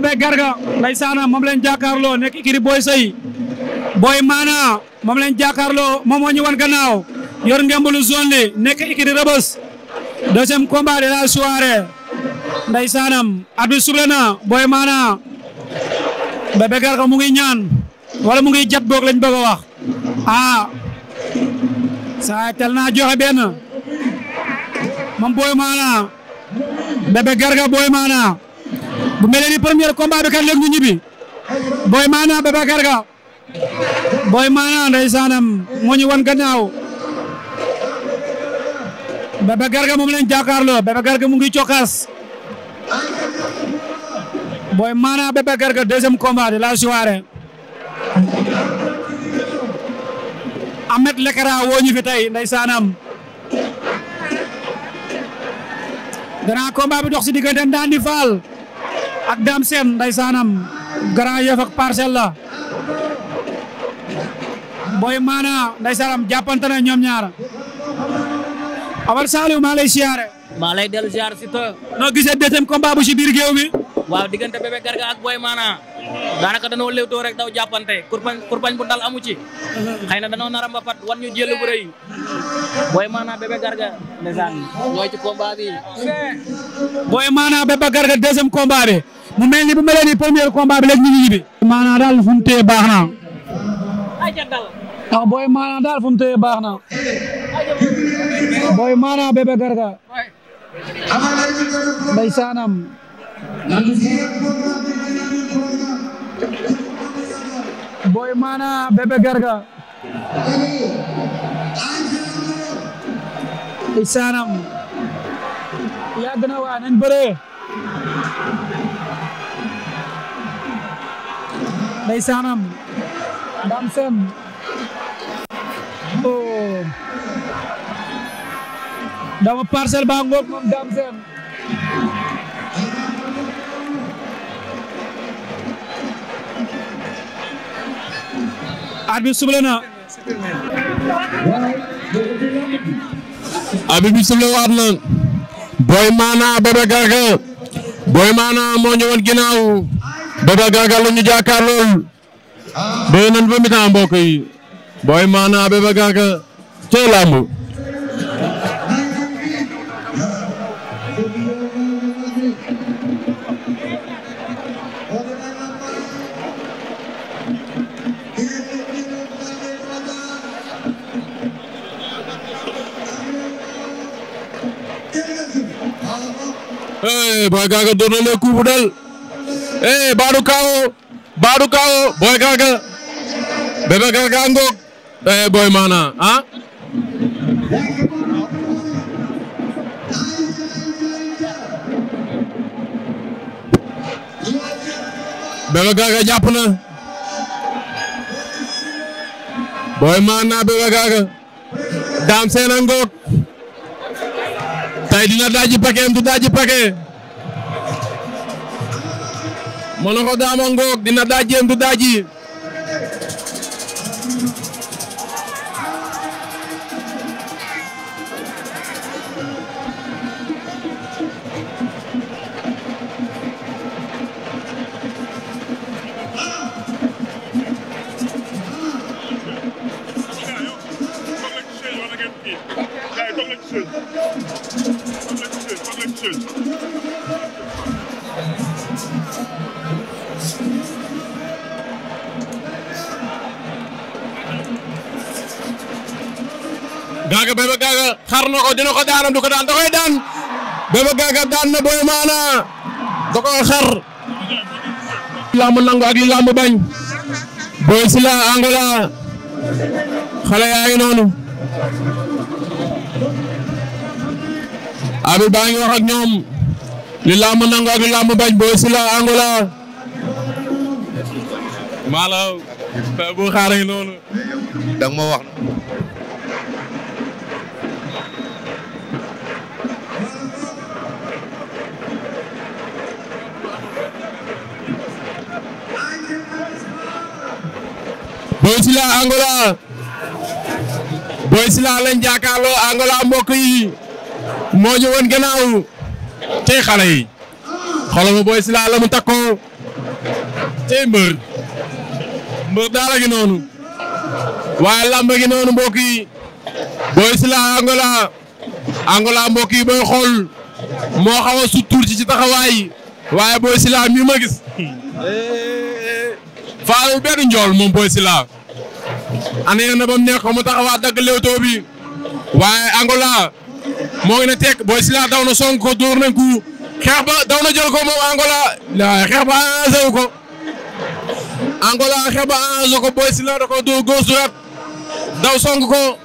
bébé garga ndeysaana moom leen jàkkaarloo nekk ikiri booy sëy booy maana moom leen jàkkaarloo moom moo ñu wan gannaaw yor ngembulu zone li nekk ikiri rëbës deuxième combat de la soirée ndeysaanam addu suble na booy maana bébé garga mu ngi ñaan wala mu ngi jat boog lañ bëgg a wax ah saa tel naa joxe benn moom booy maana bébé garga booy maana bu mel ni premier combat bi kat léegi ñibbi booy maana Babacar booy maana ndeysaanam moo ñu wan gannaaw Babacar moom lañ jàkkaarloo Babacar mu ngi cokkaas booy maana Babacar Ga deuxième de la soirée Ahmed Lekara woo ñu fi tey ndeysaanam grand bi dox diggante Ndandi Fall ak Dame Sène ndeysaanam grand yëf ak parcelle la booy maana ndeysaanam jàppante na ñoom ñaar Abal Saliou maa lay siyaare. maa lay dellu siyaare si te. noo gisee deuxième combat bu si biir géew bi. waaw diggante Bébé Garga ak Boy Maana daanaka danoo léewtoo rek daw jàppante kurpañ bu dal amu ci xëy na danoo nar a mbapat wan ñu jël bu Boy Maana Bébé Garga ndeysaan ñooy mu mel ni bu mel premier combat bi léegi ñu maana daal fu mu ah, baax na Boy Maana daal fu mu baax na Boy Maana Bébé Garga bay saanam Boy Mana Bébé Garga isaanam yàgg na waa nañ bëree day saanam dam sen oh. dama parcelle ba ngoog moom dam arbitre soufflé na arbitre bi soufflé waat Maana Bébé Garga Maana moo ñëwoon ginnaaw Bébé Garga lu ñu jàkkaar lool day mi temps mbokk Maana Bébé Garga hey Boy Gaga doon na leen coup bu dal hey Badou Kao Badou Kao Boy Gaga Bébé Garga ngoog hey Boy Maana ah. Bébé Garga jàpp na Boy Maana Bébé Garga Dame Sène tay dina daaji paquet du daaji paquet Monokho Dama ngoog dina daaji du daaji gaaga Bébé Gaaga xar na ko dina ko daanam du ko daan da koy daan Bébé Gaaga daan na Boy Maana da koy xar lamb nangu ak li lamb bañ Boy Sila Angola xale yaa ngi noonu abi baa ngi wax ak ñoom li lamb nangu ak li lamb bañ Boy Sila Angola maala bu xaar ngi noonu dang ma wax Boy Sylla Angola Boy Sylla lañ jàkkaarloo Angola mbokk yi moo ñëwoon gannaaw tey xale yi xoolal ma la mu takkoo tey mbër mbër daal gi noonu waaye lamb gi noonu mbokk yi Boy Angola Angola mbokk yi booy xool moo xaw a su ci ci taxawaay waaye Boy Sylla mi ma gis faalul njool moom Boy Sylla ane na ba mu neex ba mu taxawaat dagg léwtoo bi waaye Angola moo ngi ne teg Boy Sylla daw na song ko dóor nañ ko xeex ba daw na jël ko moom Angola xeex ba engagé ko Angola xeex daw song ko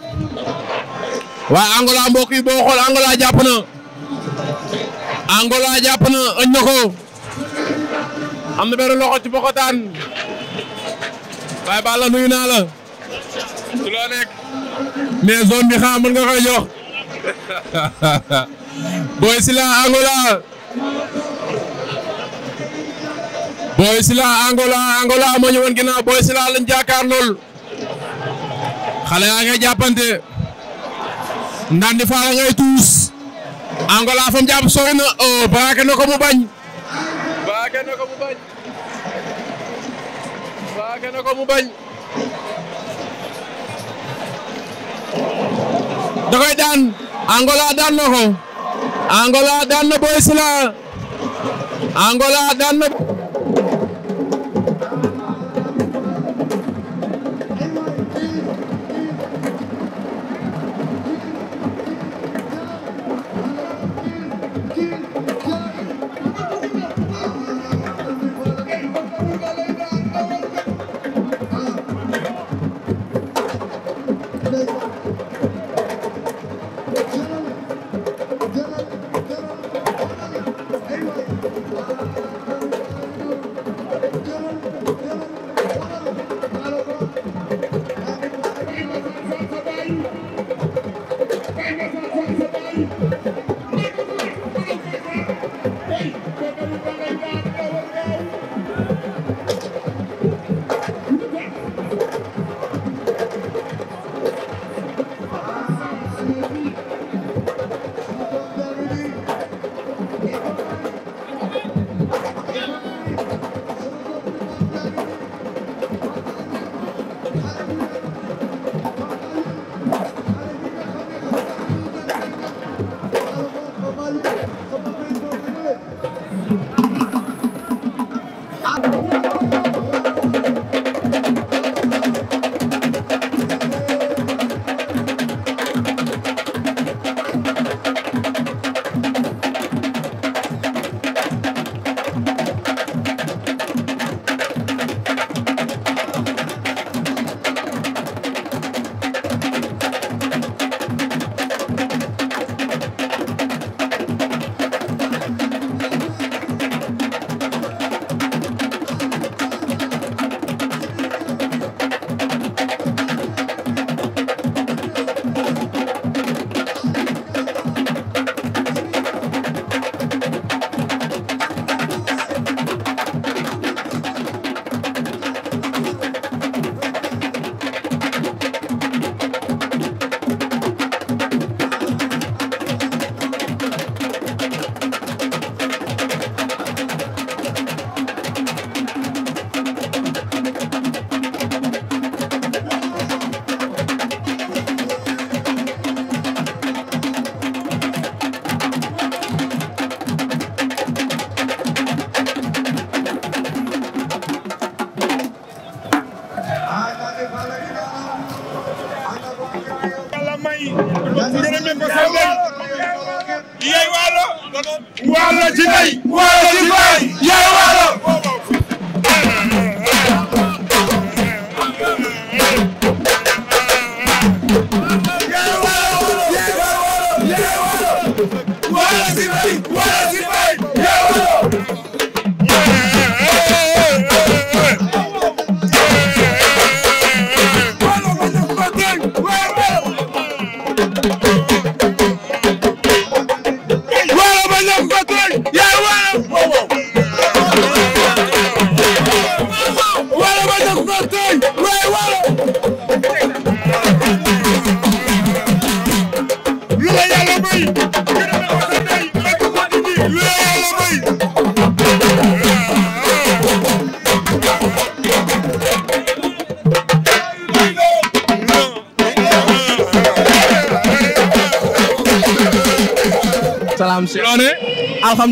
waaye Angola mbokk yi boo xool Angola jàpp na Angola jàpp na ëñ na ko am na benn loxo ci bokkotaan waaye Balla nuyu naa la. su loo nekk. mais zone bi nga koy jox. Boy Sylla Angola. Boy Sylla Angola Angola moo ñëwoon ginnaaw Boy Sylla lañ jàkkaar lool. xale yaa ngay jàppante. Ndandi Fall ngay tuus. Angola fam jàpp sori na oh baake na ko mu bañ. baake na ko mu ko mu bañ. da koy daan Angola daan na ko Angola daan na Boy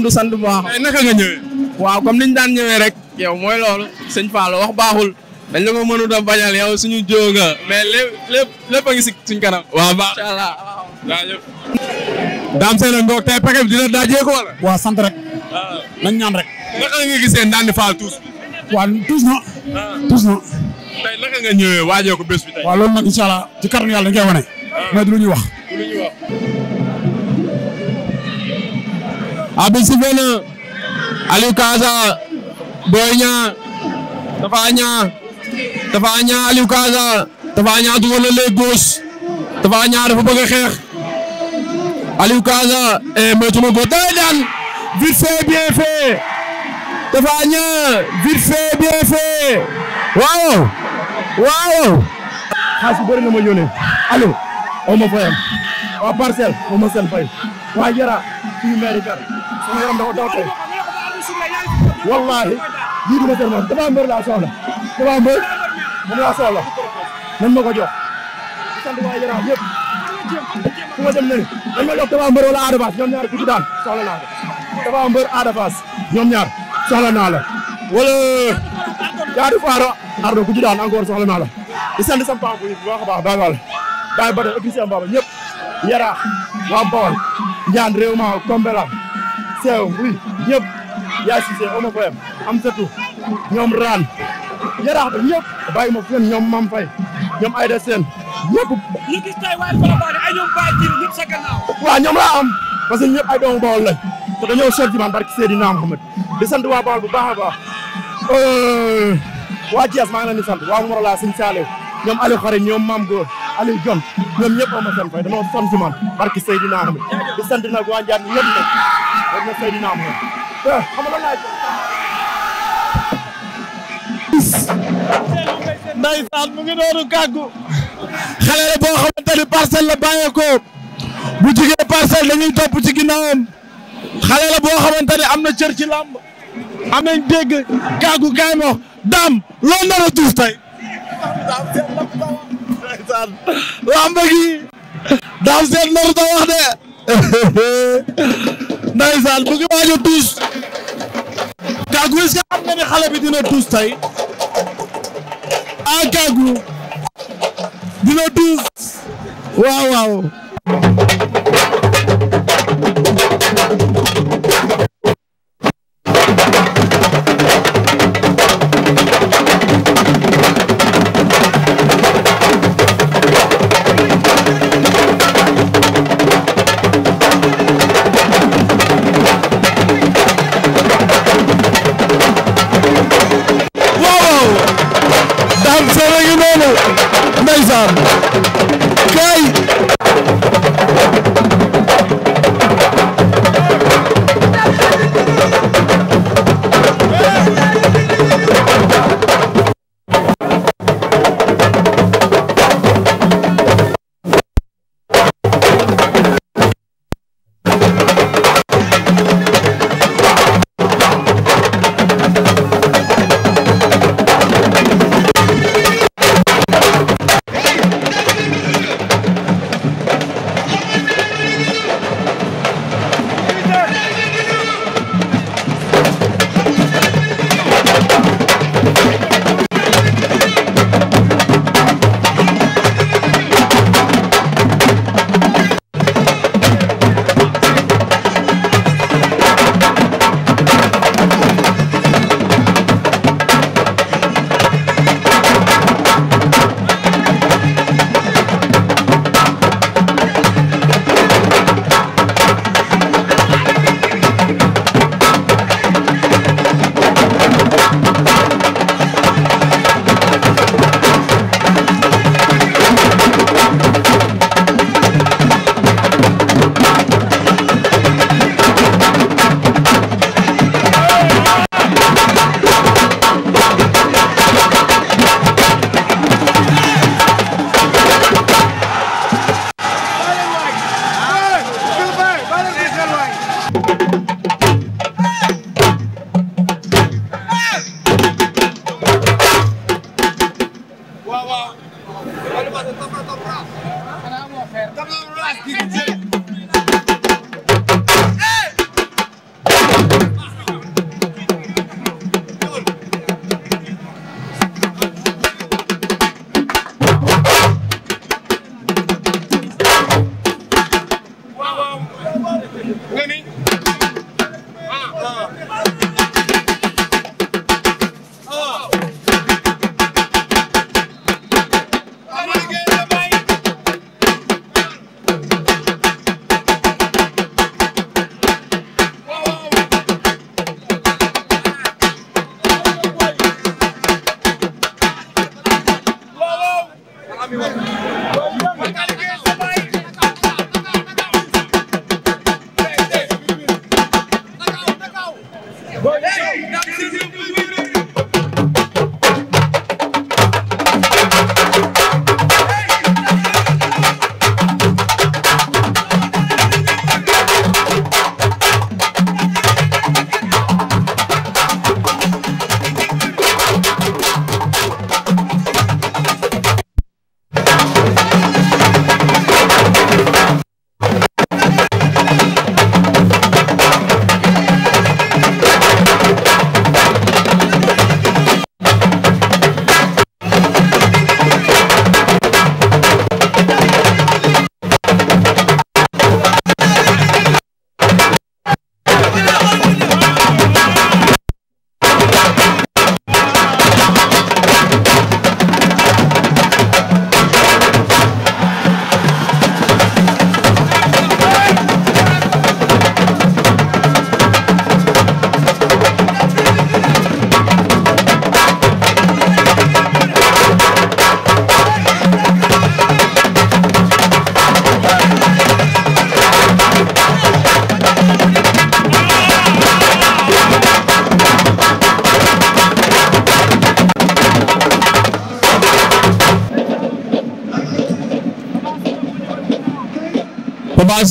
du sant bu baax. mais naka waaw comme niñ daan ñëwee rek. yow mooy loolu sëñ Fall wax baaxul. dañ la ko mënut a bañal yow suñu jóg nga mais lépp lépp a ngi si suñ kanam. waaw baax incha allah jaajëf. Dame Sène ak Ngok tey paquet bi dina daajee ko wala. sant rek. nañ ñaan rek. naka nga gisee Ndandi Fall tous. waaw tous na. Ah. tous na. tey naka nga ñëwee waajee ko bés bi tey. waaw loolu nag incha allah ci kàddu yàlla dañ koy wane. Ah. du lu ñuy wax. abi sifflé na Aliou Kaza Boy Niang Tapha Niang Tapha Niang Aliou Kaza Tapha Niang dugal na léegi a xeex Aliou Kaza eh, moytu ma ko tey daan vite fait bien fait Tapha Niang vite fait bien fait waaw waaw. xaalis bu bëri na ma yónnee waa parcelle. waa ma seen fay. wallaahi lii du ma seen moom damaa mbër laa soxla damaa nan ma ko jox di sant waa Yaraax yëpp fu nan ma jox damaa mbër wala Ada Fass ku ci daan naa ko damaa mbër Ada Fass ñoom naa la wala jaadu faaro ardo ku ci daan encore naa la di sant yi bu baax a baay wàll baay ba tey officiel waa Bawol ñaan réew ma Kombela Sew oui ñëpp yaa Cissé Omo Foyam am satu ñoom Raan yaraax ba ñëpp bàyyi ma ñoom Mam Faye ñoom Aïda Sène ñëpp. ñu gis tey waaye Colobane ay ñoom Baye Diouf ñëpp sa gannaaw. waaw ñoom laa am parce que ñëpp ay doomu Bawol lañ te dañoo sol ci man barke Seydina Mohamed di sant waa Bawol bu baax a baax euh, waa Thiès maa ngi leen sant waa Morola Sëñ ñoom Aliou Xare ñoom Maam Góor Aliou Jon ñoom ñëpp ama seen fay dañoo sonn si man di sant nag waa Njaan ñëpp nag dañ na Seydina Ahmed eh, xam nga laaj ndeysaan mu bu jigee parcelle dañuy topp ci ginnaawam xamante ni am na cër ci làmb am daam seet nar ta wax ndeysaan lamb gi daam seet nar ta wax de ndeysaan bu ngi waaj a tuus kàggu est-ce que xam nga ne xale bi dina tuus tey a ah, kàggu dina tuus waaw waaw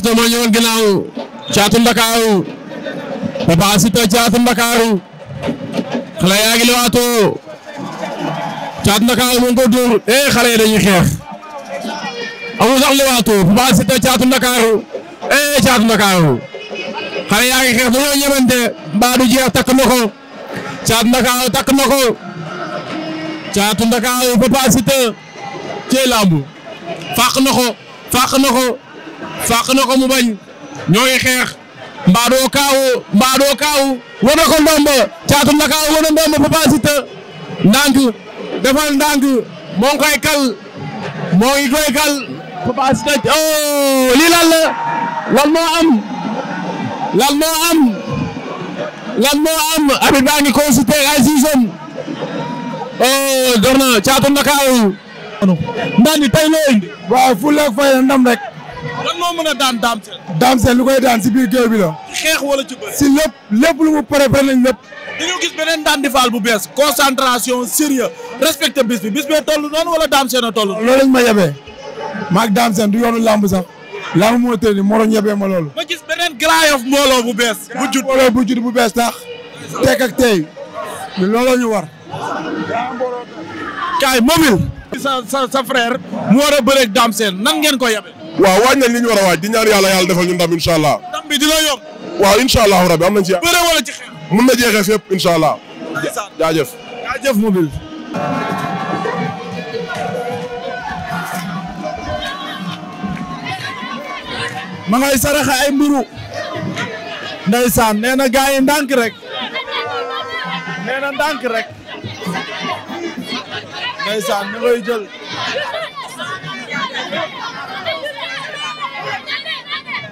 ma moo ñëwoon ginnaaw caatu Ndakaaru Papa Siteu caatu Ndakaaru xale yaa ngi lewaatoo caatu Ndakaaru mu ngi ko dóor eh xale xeex amul sax lewaatoo Papa Siteu caatu Ndakaaru eh caatu Ndakaaru xale yaa ngi xeex dañoo ñemante mbaa du jeex takk na Ndakaaru takk Ndakaaru Papa Siteu cee lambu fàq na fàq na ko mu bañ ñoo xeex mbaadoo kaawu mbaadoo kaawu war ko ndomba caatu ndakaaw war na ndomba Papa Siteu ndànk defal ndànk moo ngi koy kal moo ngi koy oh, moo am lan moo am lan ay siisam oh door na caatu ndakaaw ndaandi tey loo indi fay ndam moo mën a daan Dame Sène. Dame Sène lu koy daan si biir géew bi la. ci xeex wala ci bëri. si lépp lu mu pare pare nañ lépp. dañoo gis beneen Ndandi Fall bu bees concentration sérieux respecté bis bi bis bee toll noonu wala Dame Sène a toll. loolu lañ ma yebee maag Dame du yoonu làmb sax làmb moo tëj nii moroñ yebee ma loolu. ma gis beneen Grand Yoff mbooloo bu bees. bu jut mbooloo bu jut bu bees tax. tekk ak tey looloo ñu war. kaay mobile. sa sa sa frère. mu war a bëreeg Dame Sène nan ngeen ko yebee. waaw waaj nañ li ñu war a waaj di ñaan yàlla yàlla defal ñu ndam incha allah. ndam bi dina yomb. waaw incha allah rabi am nañ ci. bëre wala ci na jeexee fépp incha allah. jaajëf jaajëf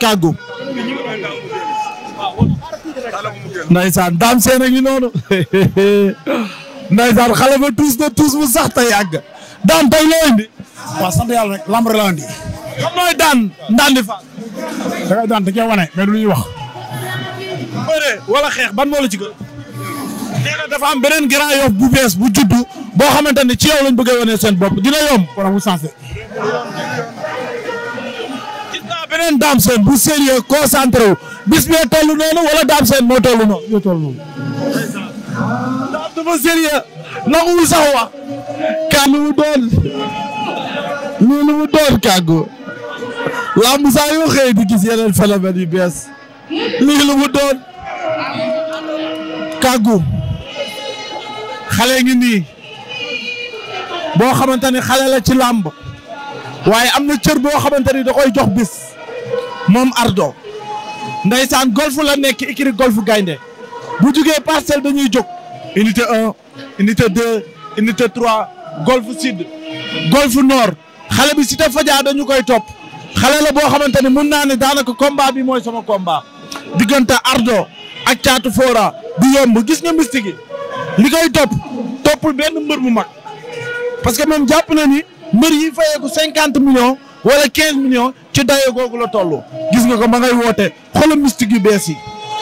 kàggu ndaysaan daam seen a ngi noonu ndaysaan xale ba tuus na tuus mu sax te yàgg daan tay loo indi waaw sant yàlla rek lamb la indi xam nooy daan Ndandi Fall da ngay daan da lu ñuy wax wala xeex ban moo la ci gën am beneen grand yof bu bees bu juddu boo xamante ne ci yow lañ bëgg a wane seen bopp dina yomb kon mu sensé beneen Dame Sène bu sérieux concentré wu bis bee toll noonu wala Dame Sène moo toll noonu. moo toll noonu. Dame dafa sérieux nanguwul sax wax. kan mu doon lii lu mu doon kàggu. lamb saa yoo yu bees. lii lu mu doon kàggu. xale ngi nii boo xamante ni xale la ci làmb waaye am na cër boo xamante ni da koy jox bis moom Ardo ndaysaan golf la nekk ikiri golf gaynde bu jugee parcelle dañuy jóg unité un unité 2 unité 3 golf sud golf noor xale bi Cité fajaa dañu koy topp xale la boo xamante ne mun naa ne daanaka combat bi mooy sama combat digganta Ardo ak caatu Fora du yomb gis nga mystique yi li koy topp toppul benn mbër mu mag parce que moom jàpp na ni mbër yi fayeeku cinquante millions wala 15 millions ci dayo googu la toll gis nga ko ma ngay woote xoolal mystique yu bees yi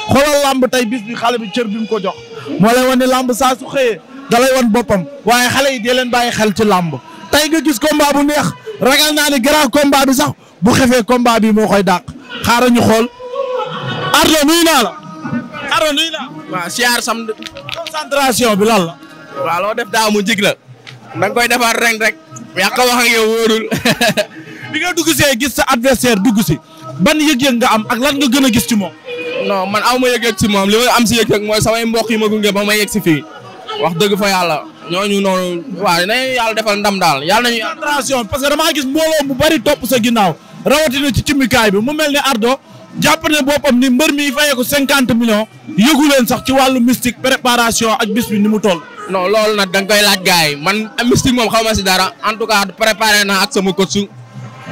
xoolal làmb tey bis bi xale bi cër bi mu ko jox moo lay wan ne làmb saa su xëyee da lay wan boppam waaye xale yi dee leen bàyyi xel ci làmb tey nga gis combat bu neex ragal naa ne grand bi sax bu xefee komba bi moo koy dàq xaaral ñu xool Ardo nuyu naa la Ardo nuyu naa waaw siyaar sam concentration bi lan la waaw loo def daaw mu jig la da koy defar ren rek yàq wax bi nga dugg see gis sa adversaire dugg si ban yëg-yëg nga am ak lan nga gën a gis ci moom. no man aw ma yëg-yëg ci moom li am si yëg-yëg mooy samay mbokk yi ma gunge ba ma yëg si fii wax dëgg fa yàlla ñooñu noonu waaw nañu yàlla defal ndam daal yàlla nañu. attention parce que damaa gis mbooloo bu bari topp sa ginnaaw rawatina ci cimikaay bi mu mel ni Ardo jàpp ne boppam ni mbër mi fayee ko cinquante millions yëgu leen sax ci wàllu mystique préparation ak bis bi ni mu tol no loolu nag da nga koy laaj gars yi man mystique moom xaw ma si dara en tout cas préparé naa ak sama coach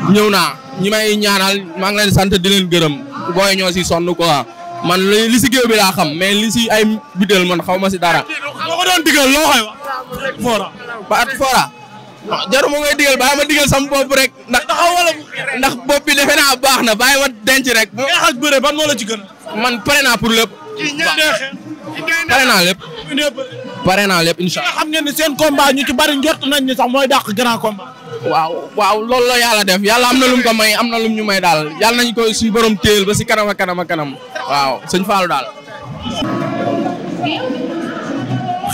ñëw naa ñi may ñaanal maa ngi leen sant di gërëm booy ñoo si sonn quoi man li si géew bi laa xam mais li si ay bideel man xaw ma si dara. boo ko doon digal loo koy wax. Fora. ba at Fora. Ah, jaru ma ngay digal bàyyi ma digal sama bopp rek. ndax taxaw ndax bopp bi defe naa baax na bàyyi ma denc rek. bu ak ban moo la ci gën. man pare naa pour lépp. pare naa lépp. pare naa lépp incha allah. xam ngeen ne seen combat ñu ci bari njort nañ ni sax mooy dàq grand combat. waaw waaw loolu la yàlla def yàlla am na lum ko may am na lum ñu may daal yàlla nañ ko si borom téel ba si kanam ak kanam kanam waaw sëñ Fallou daal.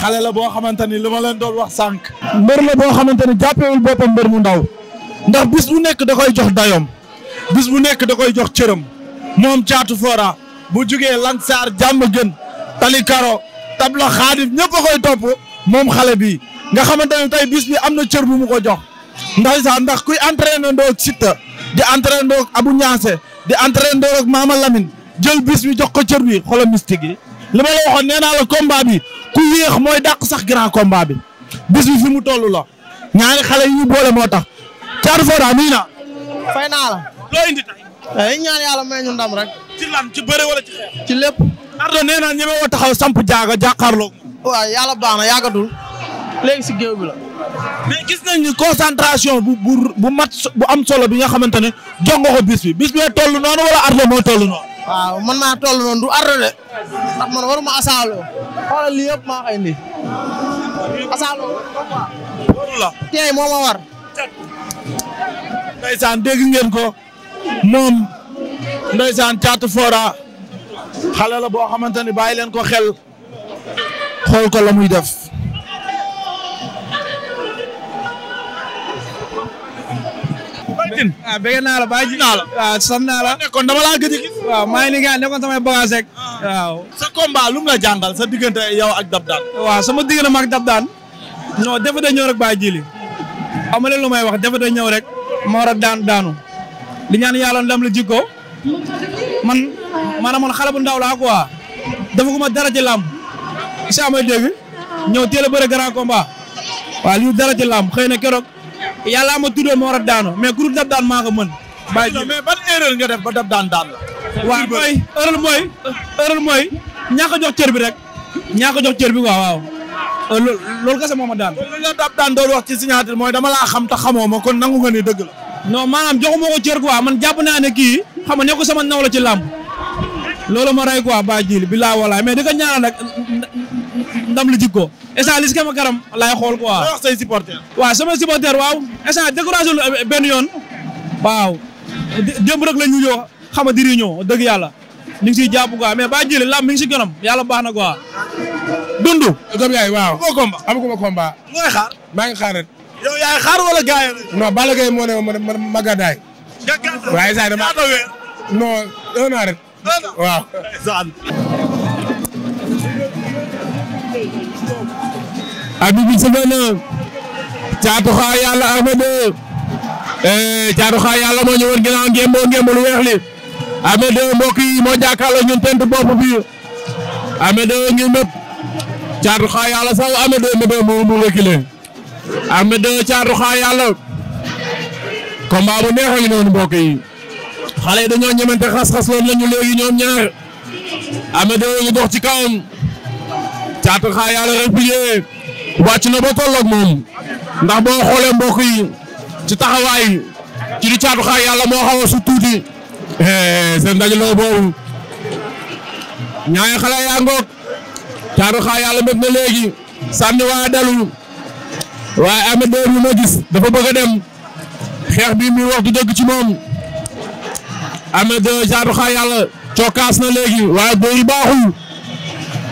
xale la boo xamante ni li ma leen doon wax sànq. mbër la boo xamante ni jàppewul boppam mbër mu ndaw ndax bis bu nekk da koy jox dayoom bis bu nekk da koy jox cërëm moom caatu foora bu jugee saar jàmm gën tali karo tabla xaadif ñëpp koy topp moom xale bi nga xamante ne tey bis bi am na cër bu mu ko jox. ndaysaan ndax kuy entraîné ndoog Siteu di entraîné ndoog abu Niasse di entraîné ndoog Mama Lamine jël bis bi jox ko cër bi xoolal mystique yi li ma la waxoon nee naa la combat bi ku yéex mooy dàq sax grand combat bi bis bi fi mu toll la ñaani xale yu boole moo tax. Thiatou Fora nuyu naa. fay naa la. loo indi tey. ñaan yàlla may ndam rek. ci lan ci bëre wala ci xeex. ci lépp. Ardo nee naa ñeme woo taxaw samp jaaga jàkkaarloo. waaw yàlla baax na yàggatul léegi si géew bi la. mais gis nañu concentration bu bu bu mat bu am solo bi nga xamante ne jox nga ko bis bi bis bee noonu wala Ardo moo toll noonu. waaw man maa toll noonu du Ardo de ndax man waruma asaaloo xoolal lii yëpp maa koy tey moo ma war. Ndeysaan ngeen ko moom Ndeysaan Thiatou Fora xale boo xamante ne bàyyi leen ko xel kol ko muy def. tin waaw ah, bëgg naa la bàyyi naa la waaw ah, sant naa la kon dama laa gëj a gis waaw maa ngi liggéey samay bagage rek ah. sa combat lu la jàngal sa diggante yow ak dab daan waaw sama diggante ma ak dab daan non da ñëw rek bàyyi jili amale lu may wax defe da ñëw rek ma war a daan daanu di ñaan yàlla ndam la jikko man maanaam man xale bu ndaw laa quoi dafa ko ma dara ci làmb si amay ñëw teel a bëre grand combat lii dara ci xëy na keroog yàllaa ma tuddoon ma war a daanoo mais groupe dab daan maa ko mën. bàyyi mais ban erreur nga def ba dab daan daan la. waaw mooy erreur mooy erreur mooy a jox cër bi rek ñàkk a jox cër bi waaw waaw euh, loolu kese moo ma daan. loolu la dab daan doon wax ci signature mooy dama laa xam te xamoo ma kon nangu nga ni dëgg la. non maanaam joxuma ko cër quoi man jàpp naa ne kii xam nga ne ko sama naw la ci làmb loolu ma rey quoi baa jiili bi laa di ko ñaanal rek ndam la jikko instant li si kama karam laay xool quoi. wax say supporter. waaw sama supporter waaw instant eh, benn yoon. waaw démb rek la ñu ñëw xam nga diri ñëw dëgg yàlla ñu ngi siy jàpp quoi mais ba jëlee lam mi ngi si kanam yàlla baax na quoi. dundu. doom yaay waaw amoo combat amaguma combat. mooy maa ngi xaar rek. yow yaay ma ma waaw. Abibi Sëfëna Caatu Xaar Yàlla Armé 2 eh Caatu Xaar Yàlla moo ñëwoon ginnaaw ngémbo ngémbo lu weex li Armé 2 mbokk yi moo jàkkaarloo ñun tent bopp bi Armé 2 ngi mépp Caatu Xaar Yàlla saw Armé 2 mébé mu mu reculé Armé 2 ngi noonu yi xale ci kawam caatu xaar yàlla replier wàcc na ba tolloog moom ndax boo xoolee mbokk yi ci taxawaay ci di caatu xaar yàlla moo xaw a su tuuti eh, seen dajaloo boobu ñaari xale yaa ngoog caatu xaar yàlla mbëgg na léegi sànni waa dalu waaye am na bi ma gis dafa bëgg a dem xeex bi mi wax du dëgg ci moom am na caatu xaar yàlla cokkaas na léegi waaye dóor yi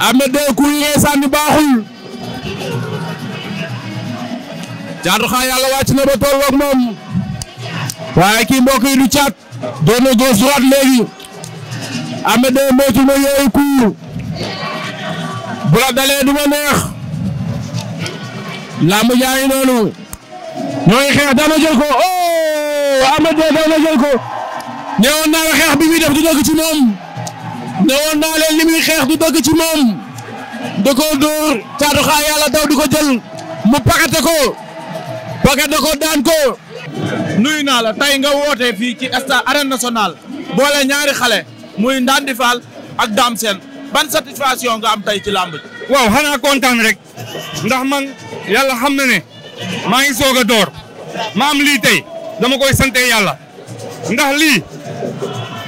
Ahmed de ku yi ngay sànni baaxul. Caatu xaar yàlla wàcc na ba toll ak moom. waaye kii mbokk yi du caat. doon na gauche droite léegi. Ahmed de moytu ma yooyu ku. bu la dalee du ma neex. làmb jaa ngi noonu. ñoo ngi xeex dama ko oh Ahmed de dama jël ko. neewoon naa la xeex bi muy def du dëgg ci moom. ne woon naa leen li xeex du dëgg ci moom da ko dóor caatu xaa yàlla daw du ko jël mu pakate ko pakate ko daan ko. nuyu naa la tey nga woote fii ci stade arène national boole ñaari xale muy Ndandi Fall ak Dame Sène ban satisfaction nga am tey ci làmb ji. waaw xanaa kontaan rek ndax man yàlla xam na ne maa ngi soog a door ma am lii tey dama koy sante yàlla ndax lii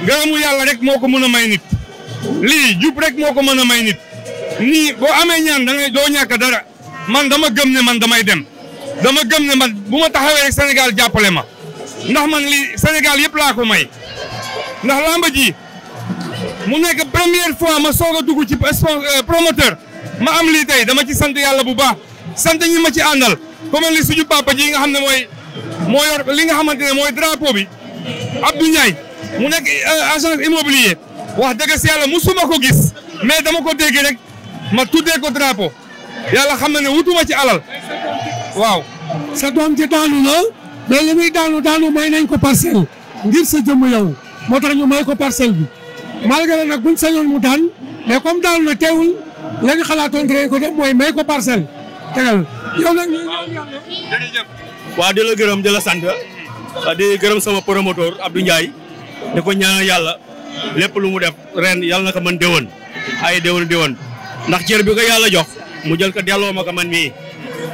gërëmu yàlla rek moo ko mën a may nit. lii jub rek moo ko mën a may nit nii boo amee ñaan da doo ñàkk dara man dama gëm ne man damay dem dama gëm ne man bu ma taxawee rek senegal jàppale ma ndax man li senegal yëpp laa ko may ndax lamba ji mu nekk première fois ma soog a dugg ci euh, promoteur ma am lii tey dama ci sant yàlla bu baax sant ñi ma ci àndal comme li suñu papa ji nga xam ne mooy moo li nga xamante ne mooy drapeau bi Abdou Ndiaye mu nekk euh, agence immobilier wax dëgg si yàlla musuma ko gis mais dama ko dégg rek ma tuddee ko drapeau yàlla xam na ne wutuma ci alal waaw. sa doom ji daanu na mais li muy daanu daanu may nañ ko parcelle ngir sa jëmm yow moo tax ñu may ko parcelle bi malgré nag buñ sañoon mu daan mais comme daanu na teewul la ñu xalaatoon dinañ ko def mooy may ko parcelle tegal yow nag ñu jërëjëf waa di la gërëm di la sant di gërëm sama promoteur Abdou Ndiaye di ko ñaanal yàlla. lépp lu mu def ren yal na ko mën déwén ay déwén déwén ndax cër bi ko yàlla jox mu jël ko delloo ma man mii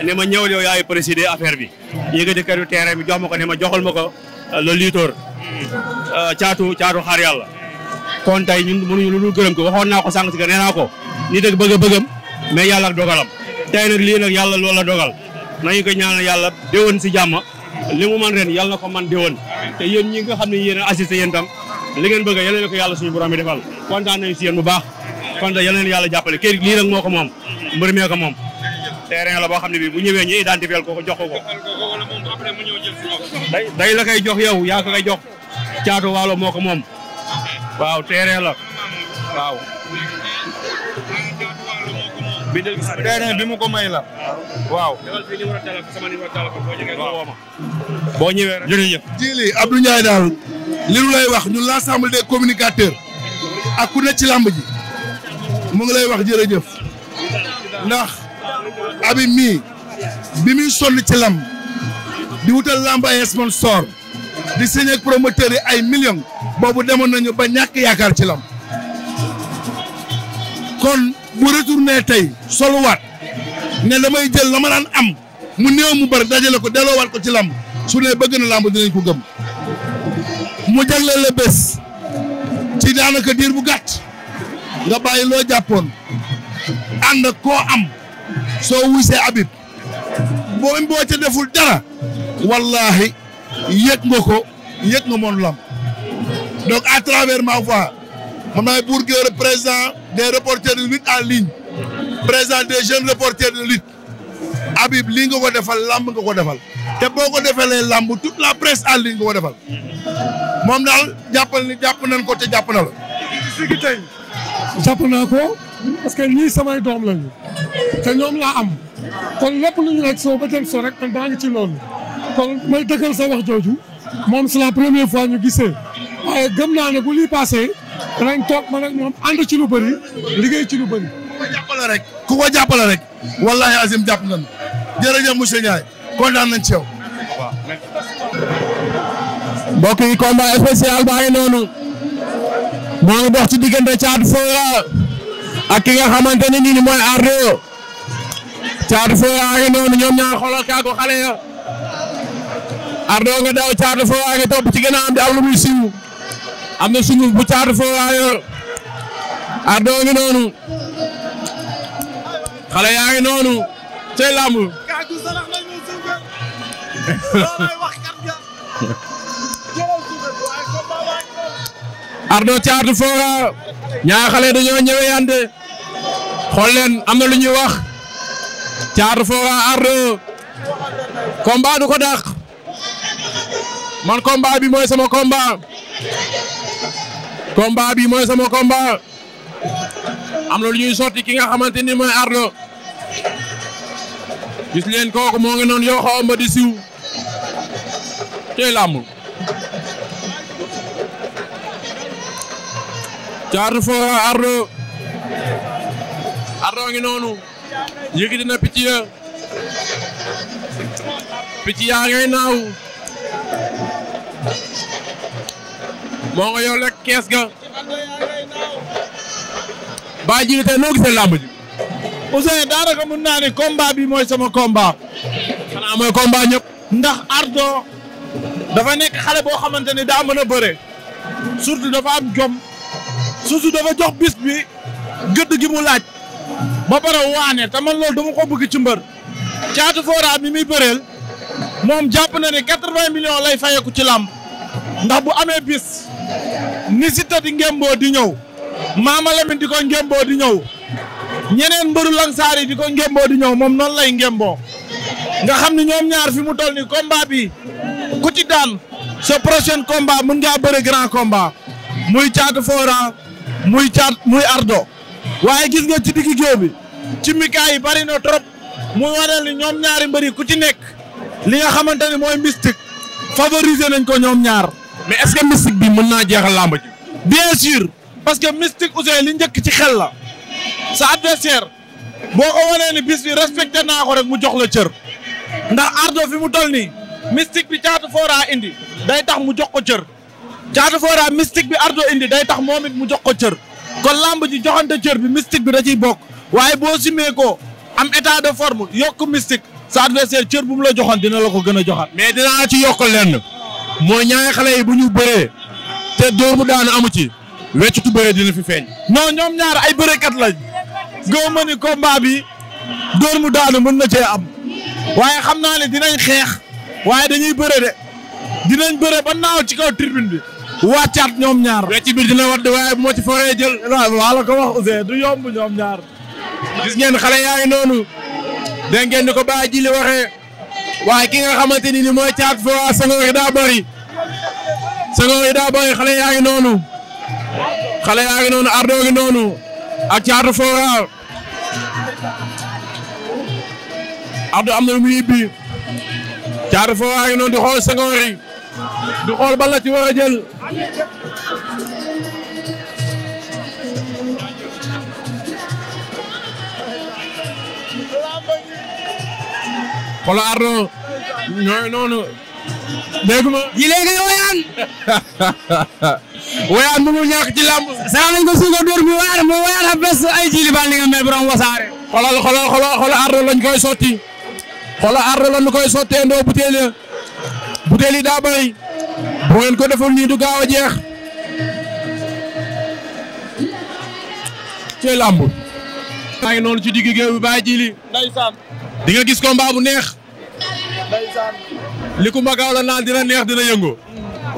ne ma ñëw yow yaay présider affaire bi yëgati këru terrain bi jox ma ko ne ma joxal ma ko euh, le liitóor euh, caatu caatu xaar yàlla kon tey ñun mënuñu lu dul gërëm ko waxoon naa ko sànq si que nee naa ko nit ak bëgg a bëggam mais yàlla ak dogalam tey nag lii nag yàlla loola dogal nañu ko ñaanal yàlla déwén si jàmm li mu man ren yàlla na ko man déwén te yéen ñi nga xam ne yéen a assisté yéen li ngeen bëgg yal na ko yàlla suñu borom bi defal kontaan nañu si yéen bu baax kontaan yal na leen yàlla jàppale kër gi nii moo ko moom mbër mee ko moom terrain la boo xam ne bii bu ñëwee ñu identifié ko jox ko ko day day la koy jox yow yaa ko koy jox caatu moo ko moom waaw terrain la waaw bindal gis terrain bi mu ko may la. waaw. boo ñëwee rek jërëjëf. daal li nu lay wax ñun l' ensemble des communicateurs ak ci làmb ji mu ngi lay wax jërëjëf ndax abi mii bi muy sonn ci lamb di wutal làmb ay sponsor di signé ak promoteur yi ay millions boobu demoon nañu ba ñàkk yaakaar ci làmb kon bu retourné tey soluwaat ne damay jël la ma daan am mu néew mu bëri dajale ko delloowaat ko ci làmb su ne bëgg na làmb dinañ ko gëm mu jagleel la bés ci daanaka diir bu gàtt nga bàyyi loo jàppoon ànd koo am soo wuysee Habib boo boo ca deful dara wallaahi yëg nga ko yëg nga moon làmb travers ma voix man maay buur géwél de reporters de lutte en ligne président des jeunes reporters de lutte Habib lii nga ko defal làmb nga ko defal te boo ko defalee làmb toute la presse en ligne nga ko defal moom daal jàppal ni jàpp nañ ko te jàpp na la. sigi tey jàpp naa ko parce que ñii samay doom lañu te ñoom laa am kon lépp luñu ñu rek soo ba jëm soo rek man ngi ci loolu kon may dëggal sa wax jooju moom c'est la première fois ñu gisee waaye gëm naa ne bu lii passé danañ toog man ak ci lu bëri liggéey ci lu bëri. ku ko rek ku jàppale rek wallaahi Azim jàpp nañu jërëjëf monsieur Ndiaye kontaan nañ ci yow. mbokk yi combat spécial baa ngi noonu moo ngi dox ci diggante Thiatou ak ki nga xamante ne nii mooy Ardo Thiatou Fora a ngi noonu ñoom topp ci gànnaawam bi am lu muy am na sunguf bu caatu Fora yor ngi noonu xale yaa ngi noonu cey làmb Ardo caatu Fora ñaar xale dañoo ñëwe yande xool leen am na lu ñuy wax caatu Fora Ardo du ko dàq man combat bi mooy sama combat combat bii mooy sama combat am na lu ñuy sotti ki nga xamante ni mooy Ardo gis leen kooku moo ngi noonu yow ma di siw tey làmb Thiatou Ardo Ardo ngi noonu yëkkati na picc moo nga kees ga. baa ji tey noo gisee làmb ji. Ousseyn daanaka mun naa ne komba bi mooy sama combat. xanaa mooy combat ñëpp. ndax Ardo dafa nekk xale boo xamante ne daa mën a bëre. surtout dafa am jom. surtout dafa jox bis bi gëdd gi mu laaj. ba pare waane te man loolu dama ko bëgg ci mbër. caatu fooraa mi muy bëreel. moom jàpp na ne quatre-vingts millions lay fayeku ci làmb. ndax bu amee bis. ni Siteu di ngemboo di ñëw Mama Lamine di ko ngemboo di ñëw ñeneen mbëru lansaar yi di ko ngemboo di ñëw moom noonu lay ngemboo nga xam ni ñoom ñaar fi mu toll ni combat bi ku ci daan sa prochain combat mën gaa bëre grand combat muy caatu Fora muy caat muy Ardo waaye gis nga ci digg géew bi ci mikaay yi bari na trop muy waral ni ñoom ñaari mbëri ku ci nekk li nga xamante ne mooy mystique favoriser nañ ko ñoom ñaar mais est-ce que mystique bi mën naa jeexal làmb ji. bien sûr parce que mystique Ouzin li njëkk ci xel la sa adversaire boo ko wanee bis bi respecté naa ko rek mu jox la cër ndax ardo fi mu tol nii mystique bi caatu fooraa indi day tax mu jox ko cër caatu foora mystique bi ardo indi day tax moom it mu jox ko cër kon làmb ji joxante cër bi mystique bi da ciy bokk waaye boo simee ko am état de forme yokk mystique sa adversaire cër bu mu la joxoon dina la ko gën a joxaat mais dinaa ci yokk lenn mooy ñaari xale yi bu ñu bëree te door bu daanu amu ci weccitu bëree dina fi feeñ. non ñoom ñaar ay bërekat lañ gëw ma ni combat bi dóor mu daanu mën na cee am waaye xam naa ne dinañ xeex waaye dañuy bëre de dinañ bëre ba naaw ci kaw tribune bi. caat ñoom ñaar. wecc bi dina wadd waaye bu ma ci foree jël. waaw waaw la ko wax Ousseyn du yomb ñoom ñaar. gis ngeen xale yaa ngi noonu. dégg ngeen ni ko baa ji li waaye ki nga xamante ni ni mooy caat Fora sangoor yi daa bëri sangoor yi daa bëri xale yaa ngi noonu xale yaa ngi noonu Ardo ngi noonu ak Thiat Fora Ardo am na lu ngi noonu di xool sangoor di xool bala ci war jël wala Ardo ñooy noonu. dégg nga. yi léegi mu ngi ñàkk ci làmb. saa nañ ko suuga mu woyaan mu a bés ay jili baal li nga mel borom wasaare. xoolal xoolal xoolal xoolal lañ koy sotti. xoolal Ardo lañ koy sottee ndoo butéel ya. butéel yi daa bu ngeen ko deful nii du gaaw a jeex. ci làmb. maa noonu ci digg géew bi bàyyi jili. ndeysaan. di nga gis combat bu neex. ndeysaan li ku magaaw la naan dina neex dina yëngu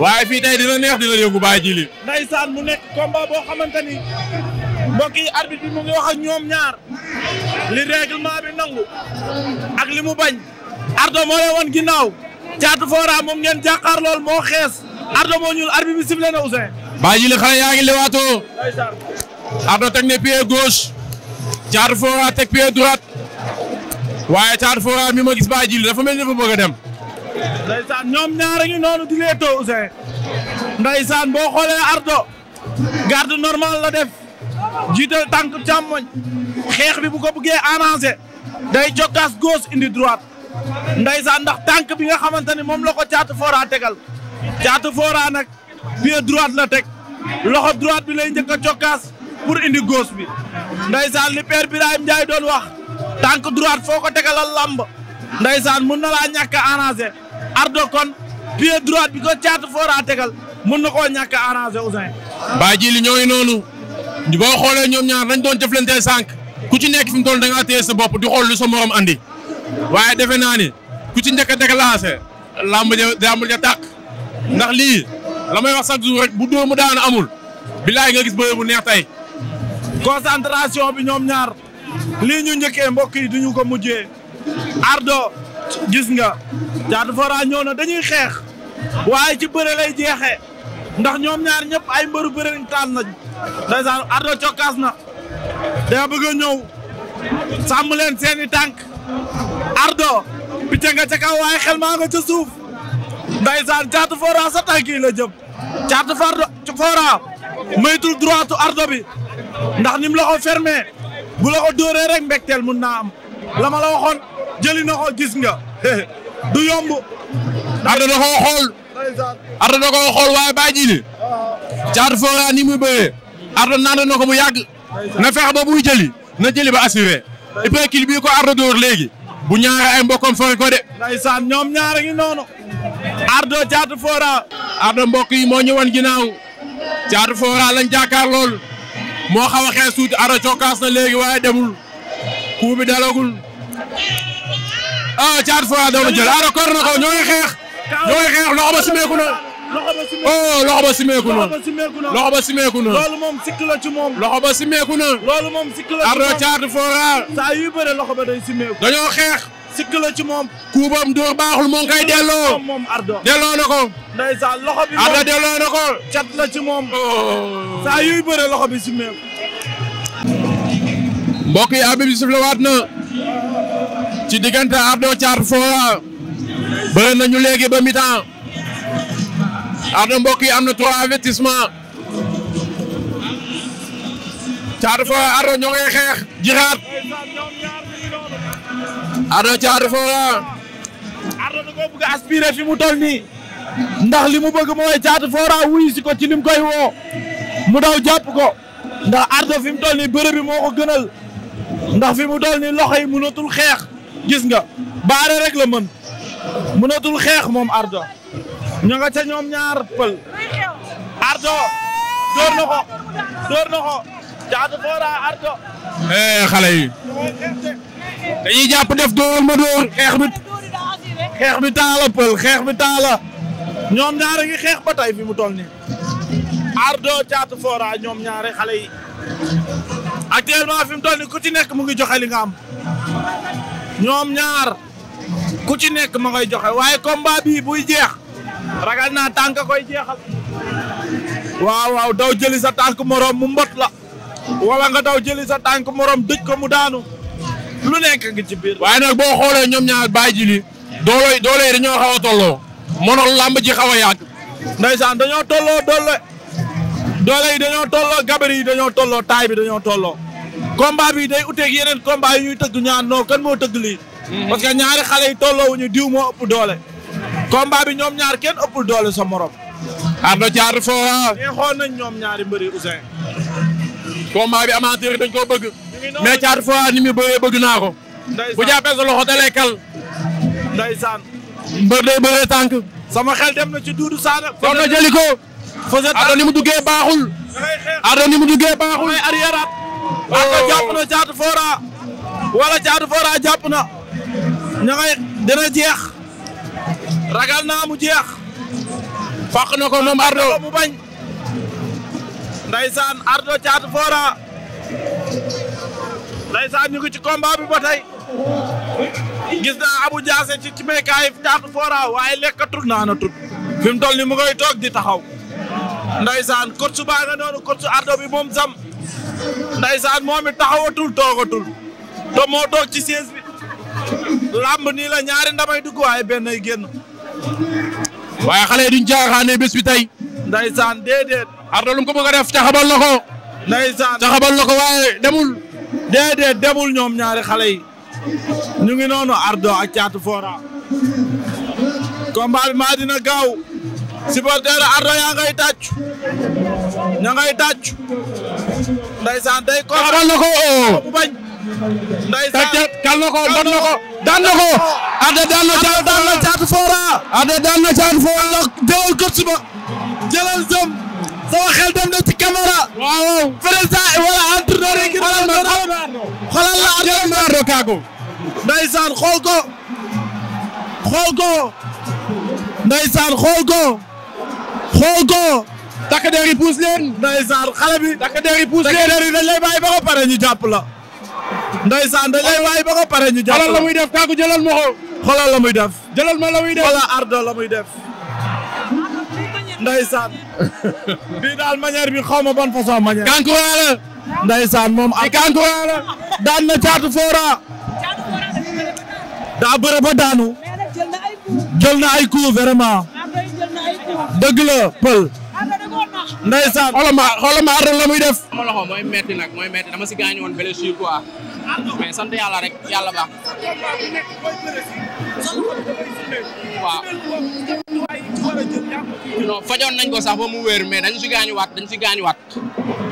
waaye fii tey dina neex dina yëngu bàyyi ji li ndeysaan mu nekk combat boo xamante ni mbokk yi bi mu ngi wax ak ñoom ñaar li règlement bi nangu ak li mu bañ ardo moo leen woon ginnaaw caatu foora moom ngeen jàkkaar lool moo xees ardo moo ñuul arbitre bi sifflé na Ousseyn bàyyi xale yaa ngi lewaatoo ardo teg ne pied gauche caatu foora teg pied droit waaye Thiatou Fora mi ma gis Baye Djily mel ni dafa bëgg a dem. Ndeysaan ñoom ñaar a ngi noonu di leetoo Ousseyn. Ndeysaan boo xoolee Ardo. garde normal la def. jiital tànk càmmoñ. xeex bi bu ko bëggee arrangé. day jokkaas goos indi droite. Ndeysaan ndax tànk bi nga xamante ni moom la ko Thiatou Fora tegal. Thiatou Fora nag pied la teg. loxo droite bi lay njëkk a jokkaas pour indi goos bi. Ndeysaan li père Birahim Ndiaye doon wax. tànk droite foo ko tegalal lamb ndaysaan mun na laa ñàkk a arrangé ardo kon pied droite bi ko caatu foora tegal mun na koo ñàkk a arrangé Ousseyn baa ji li ñooy noonu boo xoolee ñoom ñaar dañ doon jëflante sànq ku ci nekk fi mu toll da ngaa téye sa bopp di xool lu sa andi waaye defe naa ni ku ci njëkk a déclenché lamb ja lamb ja tàq ndax lii la may wax chaque jour rek bu dóomu daan amul bilaay nga gis bëre bu neex tey concentration bi ñoom ñaar lii ñu njëkkee mbokk yi duñu ko mujjee ardo gis nga Thiatou Fora ñëw na dañuy xeex waaye ci bëre lay jeexee ndax ñoom ñaar ñëpp ay mbëru bëre lañ taal nañ ndeysaan ardo cokkaas na daa bëgg a ñëw sàmm leen seeni tànk ardo picca nga ca waaye xel maa nga ca suuf ndeysaan Thiatou Fora sa tànk a la jëm Thiatou Fora moytul droitu ardo bi ndax nim loxo fermé bu la ko dóoree rek mbégteel mun naa am la ma la waxoon na ko gis nga du yomb. arda da koo xool. arda da xool waaye baa ji li caatu Fora ni muy bëree. arda naan na bu yàgg. na fex ba buy jëli na jëli ba assuré. Ibrahima kii ko arda dóor léegi. bu ñaare ay mbokkam fori ko de. ñoom ñaare ngi noonu. arda caatu Fora. arda mbokk yi moo ñëwoon ginnaaw. caatu Fora lañ jàkkaar lool moo xaw a xees tuuti Ada cokkaas na léegi waaye demul kuu bi dalagul ah caat fois daw na jël Ada kor na ko ñoo ngi xeex ñoo ngi xeex loxo ba simeeku na oh loxo ba simeeku na loxo ba simeeku na loolu moom sikk la ci moom loxo ba simeeku na loolu moom sikk la ci moom Ada caat fois saa yu bëre loxo ba day simeeku dañoo xeex sikk la ci moom. kuubam dóor baaxul moo ngi koy delloo. moom Ardo delloo na ko. Ardo delloo na ko. cat la ci moom. Oh. saa yuy bëre loxo bi si meeku. mbokk yi abib sifle na. ci diggante Ardo Thiatou Fora. bëre nañu léegi ba mi Ardo mbokk yi am na trois avertissement. Thiatou Fora Ardo ñoo ngay xeex Ardo Thiatou Fora. Ardo da koo bëgg a fi mu toll nii. ndax li mu bëgg mooy Thiatou Fora wuyu si ko ci lim koy woo. mu daw jàpp ko. ndax Ardo fi mu toll nii bërëb bi moo ko gënal. ndax fi mu toll nii loxo yi mënatul xeex. gis nga baare rek la mën. mënatul xeex moom Ardo. ñoo nga ca ñoom ñaar pël. Ardo. door na ko door na ko Thiatou Fora Ardo. Eh, xale yi. dañuy jàpp def dóor ma dóor xeex bi xeex bi temps pël xeex bi temps la ñoom ñaare ngi xeex ba tey fi mu toll nii. Ardo Thiatou Fora ñoom ñaare xale yi actuellement fi mu toll nii ku ci nekk mu ngi joxe li nga ñoom ñaar ku ci nekk ma ngay joxe waaye combat bi buy jeex ragal naa tànk koy jeexal. waaw waaw daw jëli sa tànk morom mu mbot la wala nga daw jëli sa tànk morom dëj ko mu daanu. lu nekk ngi ci biir. waaye nag boo xoolee ñoom ñaar bàyyi ji li doole yi dañoo xaw a tolloo. mënoon làmb ji xaw a yàgg. ndeysaan dañoo tolloo doole. doole yi dañoo tolloo gabarit yi dañoo tollo taay bi dañoo tolloo. combat bi day uteeg yeneen combat yi ñuy tëgg ñaar noo kan moo tëgg lii. Mhm. parce que ñaari xale yi tolloo wu ñu diw moo ëpp doole. combat bi ñoom ñaar ken ëppul doole sa morom. Ardo jaar foo. mais xool nañ ñoom ñaari mbëri Ousseyn. combat bi amateur dañ koo bëgg. mais caatu fois ni muy bëree bëgg naa ko. bu jàppee sa loxo da sama xel dem na ci Doudou Sané. kon na jëli ko. Feugeul Ardo ni mu duggee baaxul. Ardo ni mu duggee baaxul. damay arrière Ardo jàpp na caatu fora. wala caatu fora jàpp na. ña ngay dina jeex. ragal naa mu jeex. fàq na ko moom Ardo mu bañ. ndeysaan Ardo caatu fora. ndeysaan ñu ngi ci combat bi ba tey gis naa Abou Diassé ci ci meekaay caatu fora waaye lekkatut naanatut fi mu toll ni mu ngay toog di taxaw ndeysaan kot su baa nga noonu kot su ardo bi moom sam ndeysaan moom it taxawatul toogatul te moo toog ci siège bi làmb nii la ñaari ndamay dugg waaye benn ay génn waaye xale yi duñ caaxaane bés bi tey ndeysaan déedéet ardo lu mu def taxabal na ko ndeysaan taxabal na waaye demul déedéet demul ñoom ñaari xale yi ñu ngi noonu Ardo ak Caatu Fora combat bi maa dina gaaw supporter Ardo yaa ngay tàcc ña ngay tàcc ndaysaan day ko xabal na ko oh. bu bañ ndaysaan kal na ko bon na ko daan Ardo daan na Caatu Fora Ardo kër si ba jëlal sama xel dem na ci caméra. waaw président wala entraîneur yi. xoolal ma xoolal la ak Leonardo Kago. ndeysaan xool ko. xool ko. ndeysaan xool ko. xool ko. takk der yi puus leen. ndeysaan xale bi. takk der yi puus leen takk der yi dañ lay bàyyi ba ko pare ñu jàpp la. ndeysaan dañ lay bàyyi ba ko pare ñu jàpp la. xoolal la muy def Kago jëlal ma ko. xoolal la muy def. jëlal ma la muy def. xoolal Ardo la muy def. ndeysaan. bii daal manière bi xaw ma ban façon manière. moom ak Kankura la. daan ba daanu. na ay coup vraiment. dëgg la pël. nag mooy metti dama si yàlla fajoon nañ ko sax ba mu wér mais dañ si gaañuwaat dañ si gaañuwaat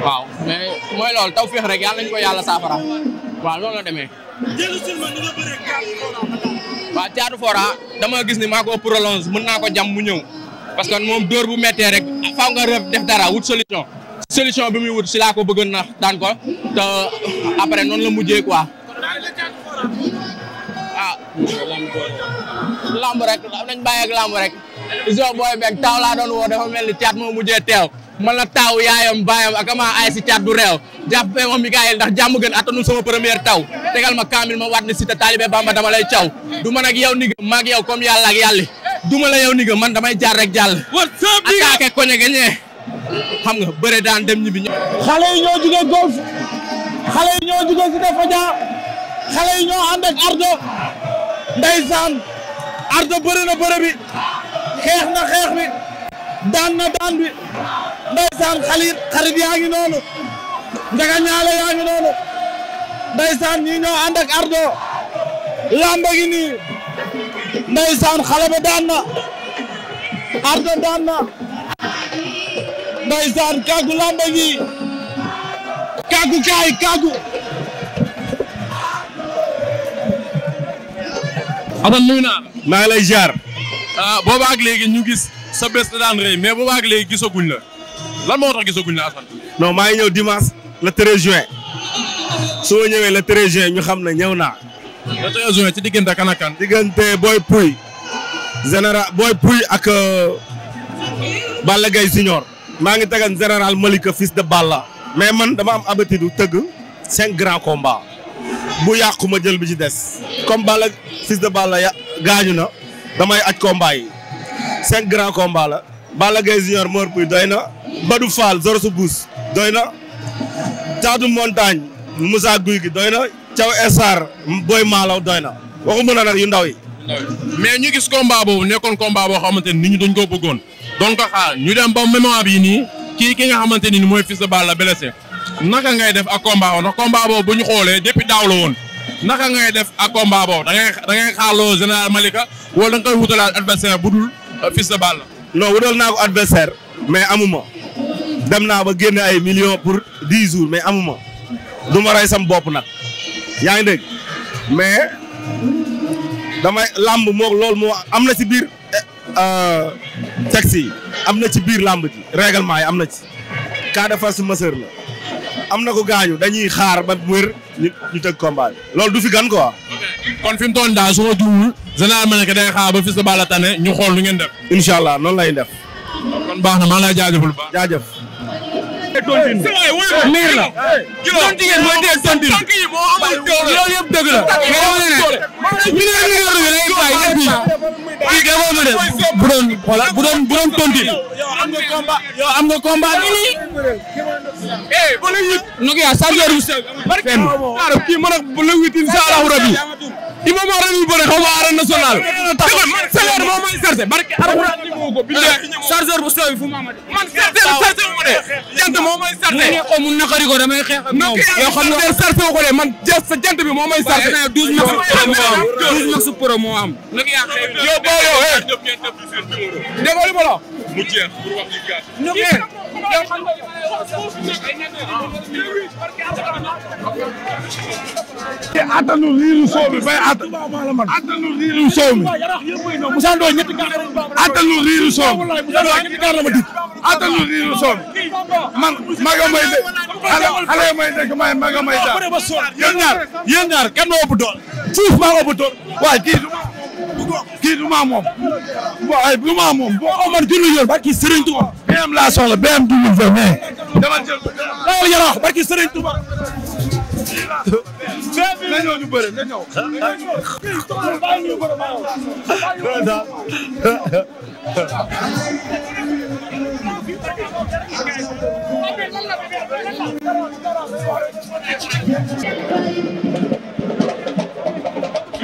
waaw mais mooy lool taw féex rek yàlla nañ ko yàlla saafara waaw loolu la demee. waaw caatu fora dama gis ni maa prolonge mën naa ko jam mu ñëw parce que moom dóor bu mettee rek faaw nga ref def dara wut solution bi muy wut si laa ko bëggoon na daan ko te après noonu la mujjee quoi ah lamb lamb rek iso booy beeg taaw laa doon woo dafa mel ni caat moo mujjee teew man la taaw yaayam baayam ak ama ay si caat du réew jàppee ma Mikaël ndax jàmm gën attanul sama première taw tegal ma kaamil ma waat ne a ta taalibe Bamba dama lay caw du man ak yow nigga maag yow comme yàlla ak yàlli du ma la yow nigga man damay jaar rek jàll attaqué koñe gañee xam nga bëre daan dem ñibbi xale yi ñoo jugee golf xale yi ñoo jugee si dafa jaa xale yi ñoo ànd xeex na xeex bi daan na daan bi ndaysaan xarit xarit yaa ngi noonu njaga ñaale yaa ngi noonu ndaysaan ñi ñoo ànd ak ardo lamba gi nii ndaysaan xale ba daan na ardo daan na ndaysaan kàggu lamba gi kàggu kaay kàggu Assane nuyu naa maa ngi lay ziar ah boobaag léegi ñu gis sa bés da daan rëy mais boobaag léegi gisaguñ la lan moo tax gisaguñ la Assane. non maa ngi ñëw dimas le 13 juin soo ñëwee le 13 juin ñu xam ne ñëw naa. le 13 juin ci diggante kan ak kan. diggante Boy général booy Pouy ak euh, Balla Gaye Junior. maa ngi tegan général Malika fils de Balla. mais man dama am habitude du tëgg cinq grands combats bu yàqu ma jël bi ci des comme Balla fils de Balla ya gaañu na damay aj combat yi cinq grands combats bala Balla Gaye junior Mor Pouy doy na Badou Fall Zoro su doy na Caatu Montagne Moussa Guy gi doy na Thiaw Essar Boy Malaw doy na waxuma na nag yu ndaw yi mais ñu gis combat boobu nekkoon combat boo xamante ni nit ñi dañ ko bëggoon doon ko ñu dem ba moment bii nii kii ki nga xamante ni mooy Fils de Balla blessé naka ngay def ak combat woon ndax combat bu ñu xoolee depuis daaw la woon naka ngay def ak combat boobu da ngay da ngay xaarloo général Malika wala da nga koy wutalaat adversaire bu dul euh, Fils de Balla. naa ko adversaire mais amuma dem naa ba génne ay millions pour dix jour mais amuma du sam bopp nag yaa ngi dégg mais damay làmb moo loolu moo am na ci biir euh, euh, taxi yi am na ci biir làmb ji règlement yi am na ci cas de force la. am na ko gaañu dañuy xaar ba wér ñu ñu tëgg combat loolu du fi gan quoi. kon fi mu toll daal su ma juumul. général ma ne que day xaar ba fii sa Balla tane ñu xool lu ngeen def. incha allah noonu lay def. kon baax na maa ngi lay jaajëfal baax. jaajëf. miir la. tontu yéen mooy teel tontu yi. loolu yëpp dëgg la. mais dama ne ne. ñu ne ñu yor bi day fay yëpp yi. kii demoo ma de. bu doon voilà bu doon bu doon tontu. yow am nga combat. yow am nga combat. eh ba le huit. Nokia Sandiara Moussa. fenn xaaral kii man ak ba le huit incha allahu rabi. i ma maa rëdd yu bëri xaw ma arène nationale. dégg man Sandiara moo may chargé barke alxuraan ni ko bi chargeur bu sooy fu mu amati. man chargé chargé wu ko de. jant moo may chargé. mu ne ko mu naqari ko damay xeex ak moom. yoo xam ne chargé wu ko de man jant sa jant bi moo may chargé. waaye douze max pro moo am douze max pro moo am. Nokia yow boo yow eh. déggoo li ma la mu jeex u wax li gàtt. bay att attanu riiru soow mi Moussa ñetti gàllankoor ma attanu riiru soow mi attanu riiru soow mi ma nga may de xale may dëkk may ma nga may daal yéen ñaar yéen ñaar kan moo ëpp dool suuf maa kii kii du maa moom. waaye du maa moom boo ko man junni yor barki Serigne Touba. BM laa soxla BM du ñu fa mais. dama jël loolu yàlla wax barki Serigne Touba. na ñëw ñu bëre na ñëw.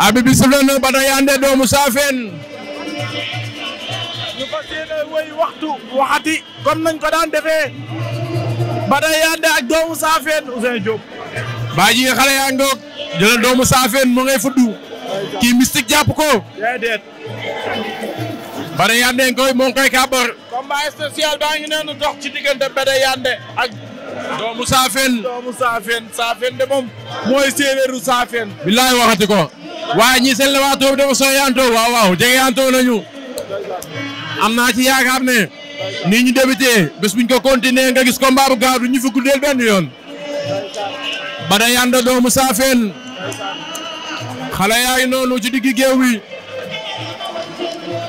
abi bi sifle na Bada Yandé doomu Saafeen ñu fas yéene waxtu waxati comme nañ ko daan defee Bada Yandé ak doomu Saafeen Ousseynou Diop baa xale yaa ngoog jëlal doomu Saafeen mu ngay fuddu kii mystique jàpp ko déedéet Bada Yandé koy moo ngi koy kàbbar combat spécial baa ngi neenu dox ci diggante Bada Yandé ak doomu Saafeen doomu de moom mooy séeréeru Saafeen billaay waxati ko waaye ñi seen lewaatoo bi dafa sooyanto waaw waaw jegeyanto nañu am naa ci yaakaar ne nii ñu débuté bés buñ ko continuer nga gis combat bu gaaw du ñu fi guddeel benn yoon Bada Yanda doomu Saafeen xale yaa noonu ci diggi géew wi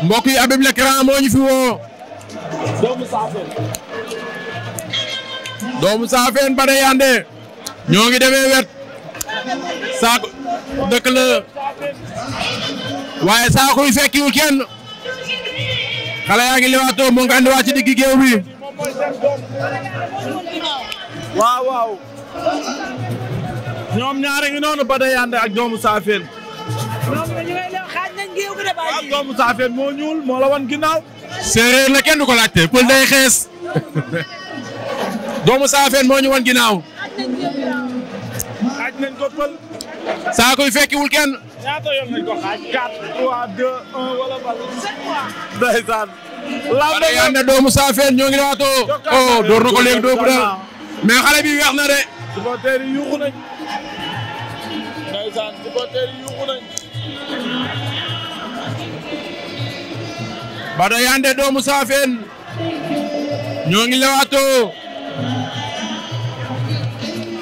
mbokk yi Habib Lecran moo ñu fi woo doomu Saafeen Bada Yande ñoo ngi demee wet saako dëkk la waaye saako yi fekkiwul kenn xale yaa ngi lewaatoo mu ngi andiwaat ci digg géew bi waaw waaw ñoom ñaare ngi noonu ba day ànd ak doomu saafeen waaw doomu moo ñuul moo la wan ginnaaw séeréer la kenn du ko laajte pël day xees doomu saafeen moo ñu wan ginnaaw nañ ko pël. saako yi fekkiwul kenn. ñaata yoon doomu saafeen ñoo ngi waatoo. oh ko léegi doo daal. mais bi weex na de. supporters yi yuuxu doomu saafeen ñoo ngi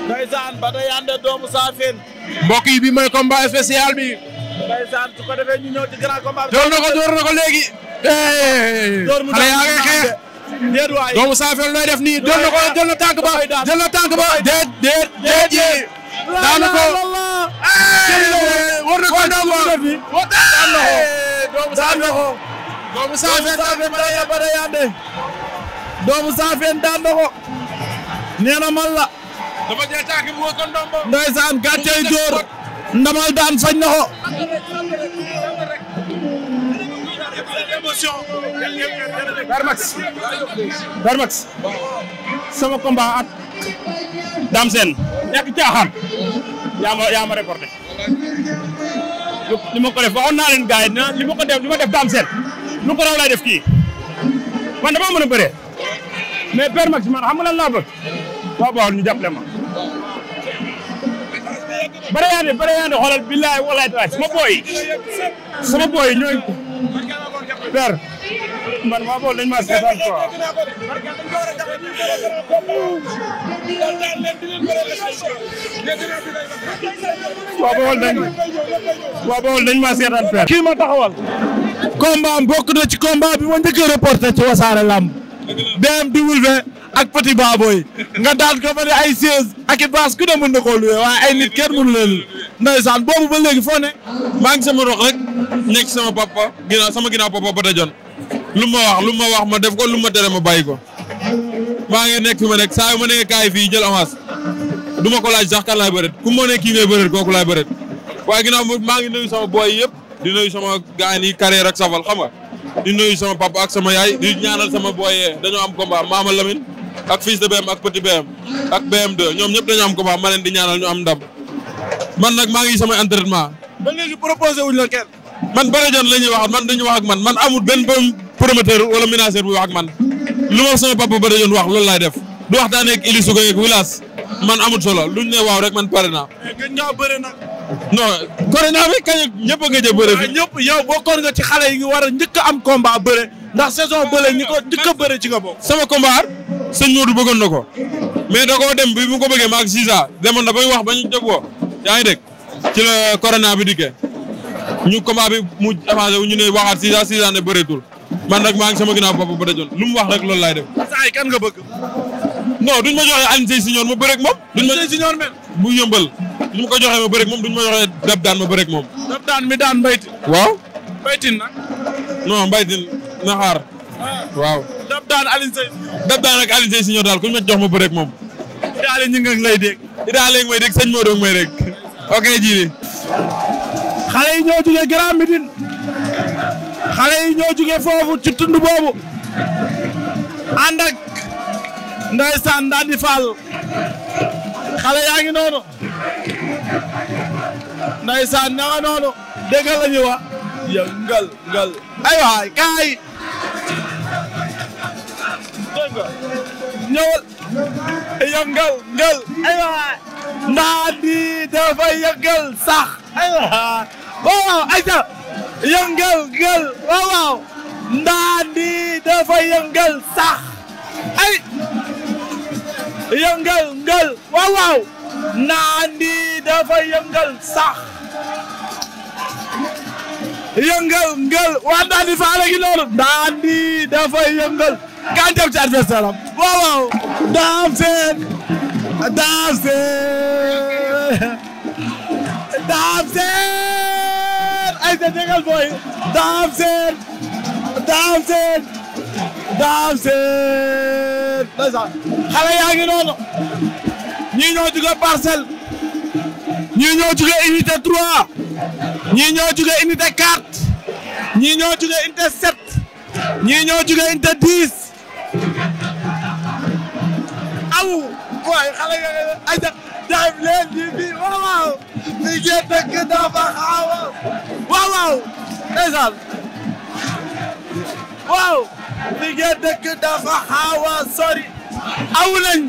ndeysaan ba tey ànd doomu saafeen mbokk yi bi mooy combat spécial bi ndeysaan su ko defee ñu ñëw ci grand combat bi door na ko door na ko léegi xale yaa ngi xeex déet waay doomu saafeen looy def nii jël na ko jël na tànk ba jël na tànk ba déet déet déet yi daanu ko war na ko daan ko daan na ko doomu saafeen daan na ko doomu saafeen daan na ko nee na man la ndeysaan gàccey jóor ndamal daan fañ na ko Darmax Darmax sama combat at Dame Sène ñàkk caaxaan yaa ma li ma def waxoon naa leen gars yi def li ma def Dame Sène lu ko a bëree mais Père Max man xam nga lan laa bëgg waaw waaw ma Barayane Barayane xoolal billaay walaay tawaay sama booy sama booy ñooy per man maa bool dañ maa seetaan quoi waa bool dañ waa bool dañ maa seetaan per kii ma taxawal combat bokk na ci combat bi ma njëkk a reporté ci wasaare lamb BMW ak petit baabooy nga daan ko ba ne ay siège ak i baas ku ne mën na koo luwee waaye ay nit kenn mënu leen ndeysaan boobu ba léegi foo ne maa ngi sama rox rek nekk sama papa ginnaaw sama ginnaaw papa ba dajoon lu ma wax lu ma wax ma def ko lu ma tere ma bàyyi ko maa ngi nekk fi ma nekk saa ma nekkee kaay fii jël avance du ma ko laaj sax kan laay bëreet ku ma ne kii ngay bëreet kooku laay bëreet waaye ginnaaw maa ngi nuyu sama booy yëpp di nuyu sama gaay yi carrière ak xam nga di nuyu sama papa ak sama yaay ñaanal sama booy dañoo am combat maama Lamine ak fils de BM ak petit BM ak BM2 ñoom ñëpp dañu am combat ma leen di ñaanal ñu am ndam man nag maa ngi samay entraînement. ba léegi proposé la man Barajan la ñuy wax man dañu wax ak man man amul benn promoteur wala menacer bu wax ak man lu ma sama papa Barajan wax loolu laay def du wax daa nekk Ili Souga Wilaas man amul solo luñ ne waaw rek man pare naa. gën ngaa bëre nag. non corona bi kañ ñëpp a nga jë bëre. waaw ñëpp yow bokkoon nga ci xale yi war a njëkk a am combat bëre ndax saison bële ñi ko njëkk a bëre ko nga sëñ Modou bëggoon na ko mais da koo dem bi mu ko bëggee ma ak demoon na bay wax ba ñu jëboo yaa ngi dégg ci la corona bi dikkee ñu combat bi mu avancé wu ñu ne waxaat Ziza Ziza ne bëreetul man nag maa sama ginaa bopp ba dajoon mu wax rek loolu laay def. saa yi kan nga bëgg. non duñ ma joxe Alioune Seye Senior ma bëreeg moom. duñ ma Seye Senior mel. bu yëmbal duñ ma ko joxee ma bëreeg moom duñ ma joxee dab daan ma bëreeg moom. dab daan mi daan mbaytin. waaw. mbaytin nag. non mbaytin na xaar. waaw dab daan Alioune Seye dab daan ak Alioune Seye si ñor daal ku ñu ma jox ma bëre ak moom idaale ñu ngi lay dégg idaale ngi may dégg sëñ Modou may dégg ok jili xale yi ñoo jugee Grand Médine xale yi ñoo foofu ci tund boobu ànd ak ndeysaan daal di faal xale yaa ngi noonu ndeysaan ña nga noonu dégg la ñu wax ngal ngal ay waay kaay ñëwal yëngal ngel aywa ndaa di dafa yëngal sax aywa waaw waaw ayca yëngal ngel waaw waaw ndaa di dafa yëngal sax ay yëngal ngel waaw waaw ndaa di dafa yëngal sax yëngal ngel waa ndaa di faale gi noonu ndaa di dafa yëngal gaan dem ci adversaire am waaw waaw daam seen daam seen daam seen ay sa dégal booy daam seen daam seen daam seen ndeysaan xale yaa ngi noonu ñii ñoo jóge parcelle ñii ñoo jóge unité 3 ñii ñoo jóge unité 4 ñii ñoo jóge unité 7 ñii ñoo jóge unité 10 aw booy xale nga ne ayca leen di bi waaw waaw. li dëkk dafa xaaw waaw waaw. ndeysaan waaw. li ngeen dëkk dafa xaaw a sori. aw nañ.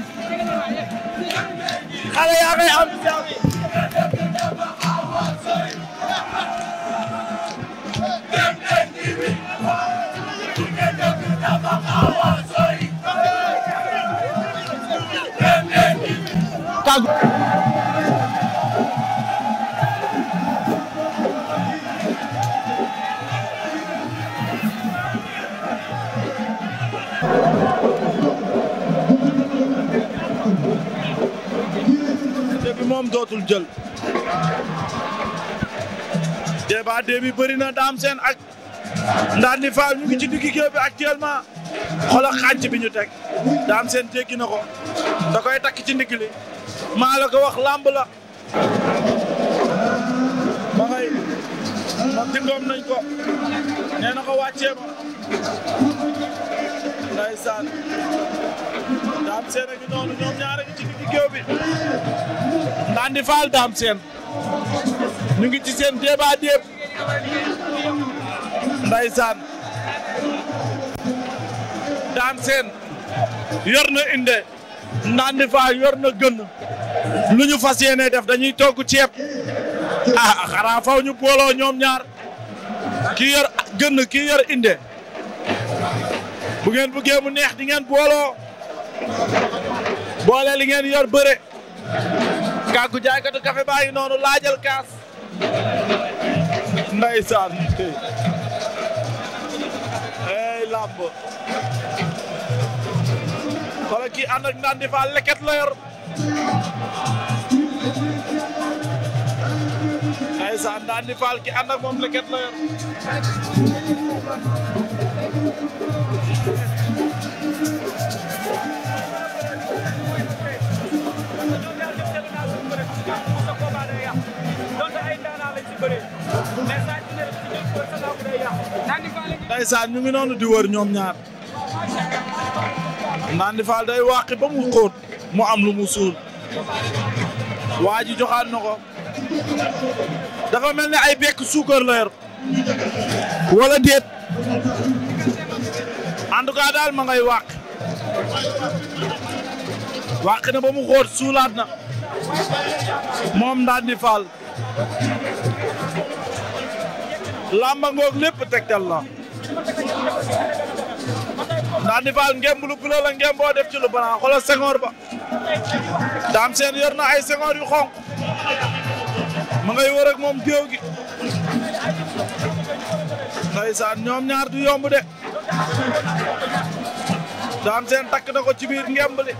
xale yaa am jaabi. moom dootul jël. débat bi bëri na daam seen ak Ndandi Fall ñu ngi ci digg géew bi actuellement xoolal xànc bi ñu teg daam seen jéggi na ko da koy takk ci ndigli maa la ko wax làmb la. ngay ma dingoom nañ ko nee na ko wàccee ma ndeysaan Dame Sène a ngi bi Ndandi Fall ngi ci seen débat déeb ndaysaan Dame Sène yor na inde yor na gën lu ñu fas yéene def dañuy toog ceeb ah xanaa faw ñu booloo ñoom ñaar kii yor gën kii yor inde bu ngeen bëggee mu neex boole li ngeen yor bëre kàggu jaaykatu café baa ngi noonu laajal kaas ndeysaan ey làmb wala kii ànd ak naan di fa leket la yor ndeysaan naan di faal ki ànd ak moom leket la yor ndeysaan ñu ngi noonu di wër ñoom ñaar Nandi Fall day wàqi ba mu xóot mu am lu mu suul waa ji joxaat na ko dafa mel ni ay bekk suukar la yor wala déet en tout cas daal ma ngay wàq wàq na ba mu xóot suulaat na moom Nandi Fall lamba ngoog lépp tegtal la Nandy Fall ngemb lu bula la def ci lu bana sengoor ba Dame Sène yor na ay sengoor yu xonq ma ngay wër ak moom géew gi ndeysaan ñoom ñaar du yomb de Dame Sène takk ko ci biir ngemb li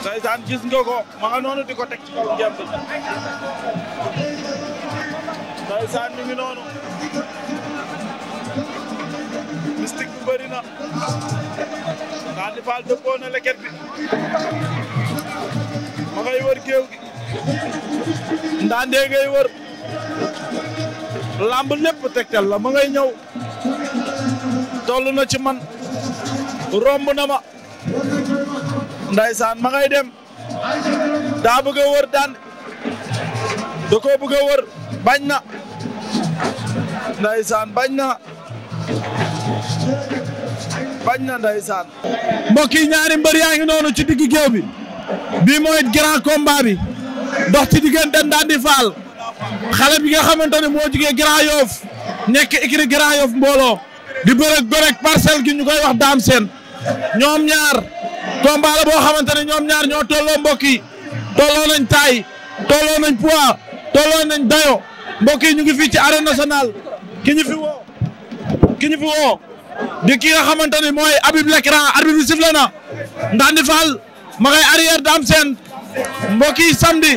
ndeysaan gis nga ko ma nga noonu di ko teg ci kaw ndeysaan mi bu bëri na Nandy Fall dëppoo leket bi ma ngay wër géew gi Nandy ngay wër lamb lépp tegtal la ma ngay ñëw na ci man romb na ma ndeysaan ma ngay dem daa bëgg wër daan da koo bëgg a wër bañ na ndaysaan bañ na bañ na ndaysaan mbokk yi ñaari mbër yaa ngi noonu ci digg géew bi bii mooy grand combat bi dox ci diggante Ndandi Fall xale bi nga xamante ne moo jugee Grand Yoff nekk écurie Grand Yoff mbooloo di bërëg bërëg parcelle gi ñu koy wax Dame Sène ñoom ñaar combat boo xamante ne ñoom ñaar ñoo tolloo mbokk yi tolloo nañ taay tolloo nañ poids tolloo nañ dayo mbokk yi ñu ngi fii ci arène nationale ki ñu fi woo ki ñu fi woo di ki nga xamante ni mooy Habib Lecran arbitre bi sifflé na Ndandi Fall ma ngay arrière Dame Sène mbokk yi samedi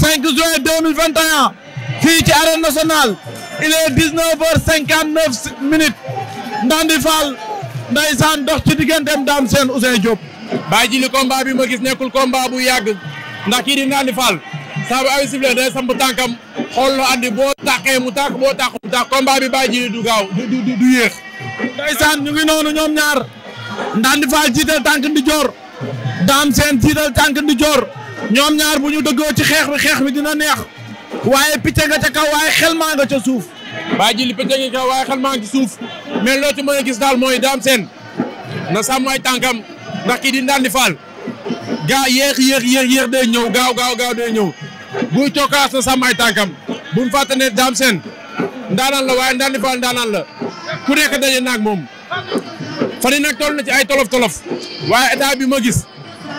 5 juin 2021 fii ci arène nationale il est 19 heures 59 minutes Ndandi Fall ndeysaan dox ci digganteem Dame Sène Ousseyn Diop. bàyyi ji li combat bi ma gis nekkul combat bu yàgg ndax kii di Ndandi saa bu ay sifle day samp tànkam xool loo andi boo tàqee mu tàq boo tàq mu tàq combat bi bàyyi ji du gaaw du du du yéex. ndeysaan ñu ngi noonu ñoom ñaar Ndandi Fall jiital tànk ndi joor Dame Sène jiital tànk ndi joor ñoom ñaar bu ñu dëggoo ci xeex bi xeex bi dina neex waaye picc nga ca kaw waaye xel maa nga ca suuf. bàyyi ji a picc nga ca kaw waaye xel maa nga ci suuf mais loo ci mën a gis daal mooy Dame Sène na sàmm ay tànkam ndax kii di Ndandi Fall gaa yéex yéex yéex yéex ñëw gaaw gaaw gaaw day ñëw. buy cokkaas na sàmm ay tànkam bu mu fàtte ne daam seen ndaanaan la waaye ndaan di faal ndaanaan la ku nekk daje naag moom fan yi nag na ci ay tolof-tolof waaye état bi ma gis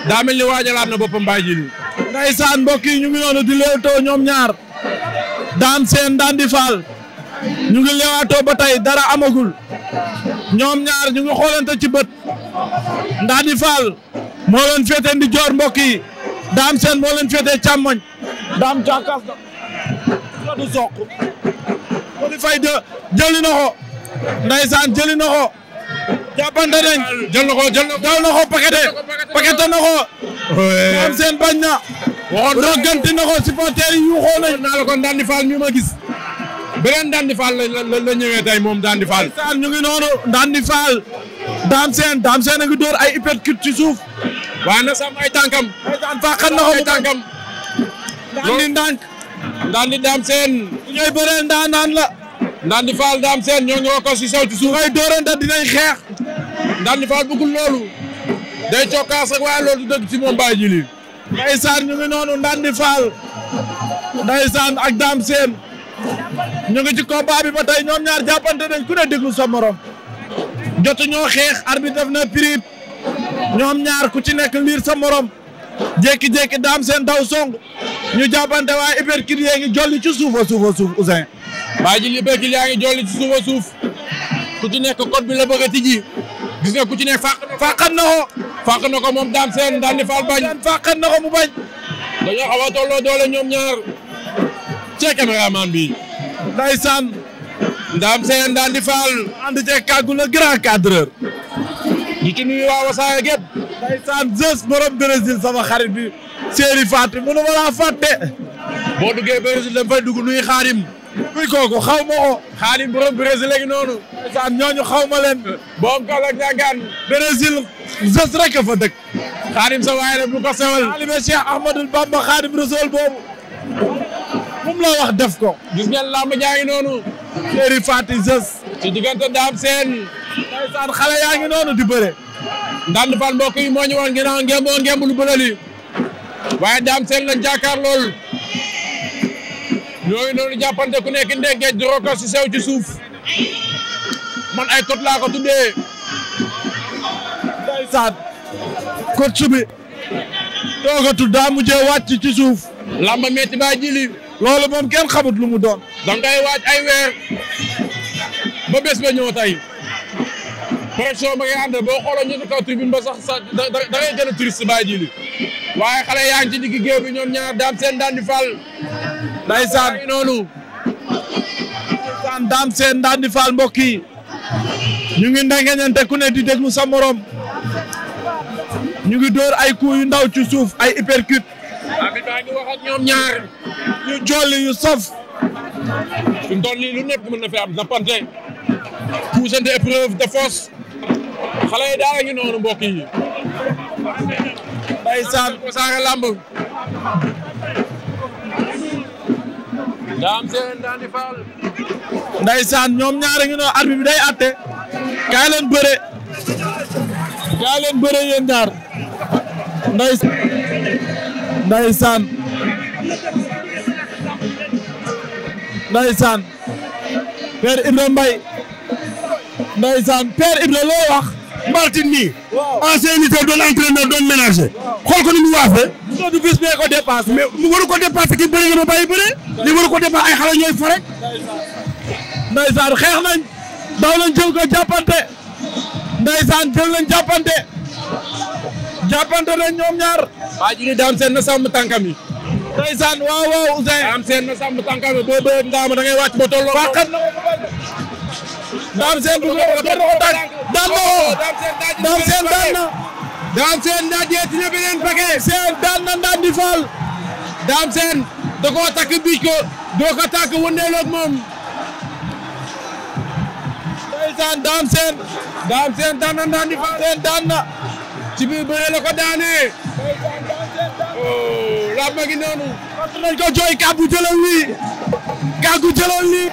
daa mel ni jalaat na boppam bàyyi ji nii. ndeysaan mbokk yi ñu ngi noonu di leewtoo ñoom ñaar daam seen daan di faal ñu ngi leewaatoo ba tey dara amagul ñoom ñaar ñu ngi xoolante ci bët ndaan di faal moo leen féetee ndi joor mbokk yi daam seen moo leen féetee càmmoñ daam jàkkaas na la du soq Coly Faye de jëli na ko ndeysaan na ko jàppante nañ jël na ko jël na ko daw ko pakete pakete na ko am seen bañ na waxoon na ganti na ko supporter yi yuuxoo nañ naa la kon Ndandi Fall mi la la ñëwee tey moom Ndandi Fall saan ñu ngi noonu Ndandi Fall daam a ngi dóor ay uppercut ci suuf waaye na sam ay tànkam ay tànkam loolu ndànk ndaan di ñooy bëreel ndaan la ndaan di faal daam ñoo ngi ko si sew ci suuf ay dóorante dinañ xeex ndaan di faal bëggul loolu day cokkaas ak waaye loolu du dëgg ci moom bàyyi ñu ngi noonu ndaan di faal ndeysaan ak daam ñu ngi ci combat bi ba tey ñoom ñaar jàppante nañ ku ne déglu sa morom jotu ñoo xeex arbitre def na prip ñoom ñaar ku ci nekk liir sa morom jékki-jékki daam seen daw song ñu jàppante waaye hypercule ngi jolli ci suuf a suuf a suuf Ousseyn. yaa ngi jolli ci suuf a suuf ci nekk code bi la bëgg a tijji gis nga ku ci nekk fàq. fàqan na ko. fàq na ko moom Dame Sène daan di faal bañ. fàqan na ko mu bañ. dañoo xaw a tolloo doole ñoom ñaar cee caméraman bi. ndeysaan. Dame Sène daan di faal. ànd ceeg kàggu la grand cadreur. ñu ci nuyu waa Wassare gépp. ndeysaan Zeus borom Brésil sama xarit bi. Seri Fatou mënu ma laa fàtte boo duggee Brésil dama fay dugg nuy xaarim kuy kooku xaw ma ko xaarim borom Brésil léegi noonu saan ñooñu xaw ma leen boom kol ak ñàkkaan Brésil ges rek a fa dëkk xaarim sa waaye bu ko sewal xaalime Cheikh Ahmadou Bamba xaarim Rasul boobu moom la wax def ko gis ngeen làmb jaa ngi noonu Seri Fatou ges ci diggante Dame Sène ndeysaan xale yaa ngi noonu di bëre ndand fan mbokk yi moo ñu woon ginnaaw ngeen woon ngeen lu bëre lii waaye daam seen na jàkkaar lool ñooñu noonu jàppante ku nekk ndengeej di rokka si sew ci suuf man ay kot laa ko kot su bi toogatul daa mujjee wàcc ci suuf. lamba metti baa jili. loolu moom kenn xamut lu mu doon. da ngay waaj ay weer ba bés ba ñëw pression ba ngay àndal boo xooloo ñu ci kaw tribune ba sax sax da da gën a triste baa ji waaye xale yaa ngi ci digg géew bi ñoom ñaar daam seen daan di faal. ndeysaan noonu. daam seen daan di faal mbokk yi. ñu ngi ndengeñante ku ne di déglu sa morom. ñu ngi dóor ay coups yu ndaw ci suuf ay uppercut. amit baa ngi wax ñoom ñaar. yu jolli yu saf. suñ toll lu nekk mën na fi am jàppante. puusante épreuve de force. xale yi daal ngi noonu mbokk yi. ndeysaan Wassare Lamb. daam seen daan di faal. ndeysaan ñoom ñaari ngi noonu arbitre bi day atte. kaay bëre. kaay leen bëre yéen ñaar. ndeysaan. ndeysaan. ndeysaan. Père Ibrahima Mbaye. ndeysaan père Ibra loo wax. Martin nii. waaw ancien lutteur doon entraîneur doon ménager. xool ko ni mu waafee. soo du bis bee ko dépassé. mais mu waru ko dépassé ki bëri na ba bàyyi bëre. li waru ko dépassé ay xale ñooy fa rek. ndeysaan xeex nañ. daw nañ jël ko jàppante. ndeysaan jël nañ jàppante. jàppante nañ ñoom ñaar. waa ji ni daam seen na sàmm tànkam yi. ndeysaan waaw waaw Ousseyn. daam seen na sàmm tànkam yi boo bëree daam da ngay wàcc ba tolloo. Dame Sène bëgg na ko tànk daan na ko Dame Sène daan na. Dame Sène ndaje dina beneen paquet. Sène daan na daan di faal. Dame Sène da koo takk biij ko doo ko takk wëndeeloo ak moom. ndeysaan Dame Sène. Dame Sène daan na daan di faal. Sène daan na. ci biir bëre la ko daanee. oh laab ma gi noonu. parce que nañ ko jooy kàggu jëloon lii. kàggu jëloon lii.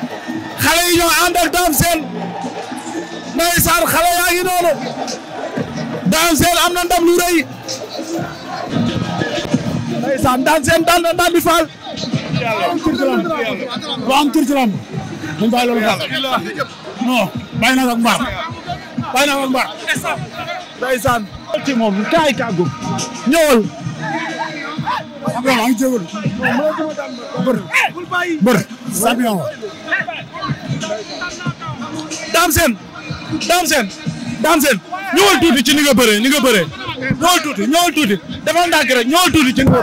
xale yi ñoo ànd ak Dame Sène xale yaa ngi noonu Dame Sène am na ndam lu rëy ndeysaan Dame Sène faal lu am tur ci mu bàyyi loolu faal non bàyyi na ak mbaar bàyyi na ak mbaar ci moom kaay kàggu ñëwal maa ngi jégalu bër bër champion Dame Sène Dame Sène Dame tuuti ci ni nga bëree ni bëree tuuti ñëwal tuuti defal ndànk rek ñëwal tuuti ci ni nga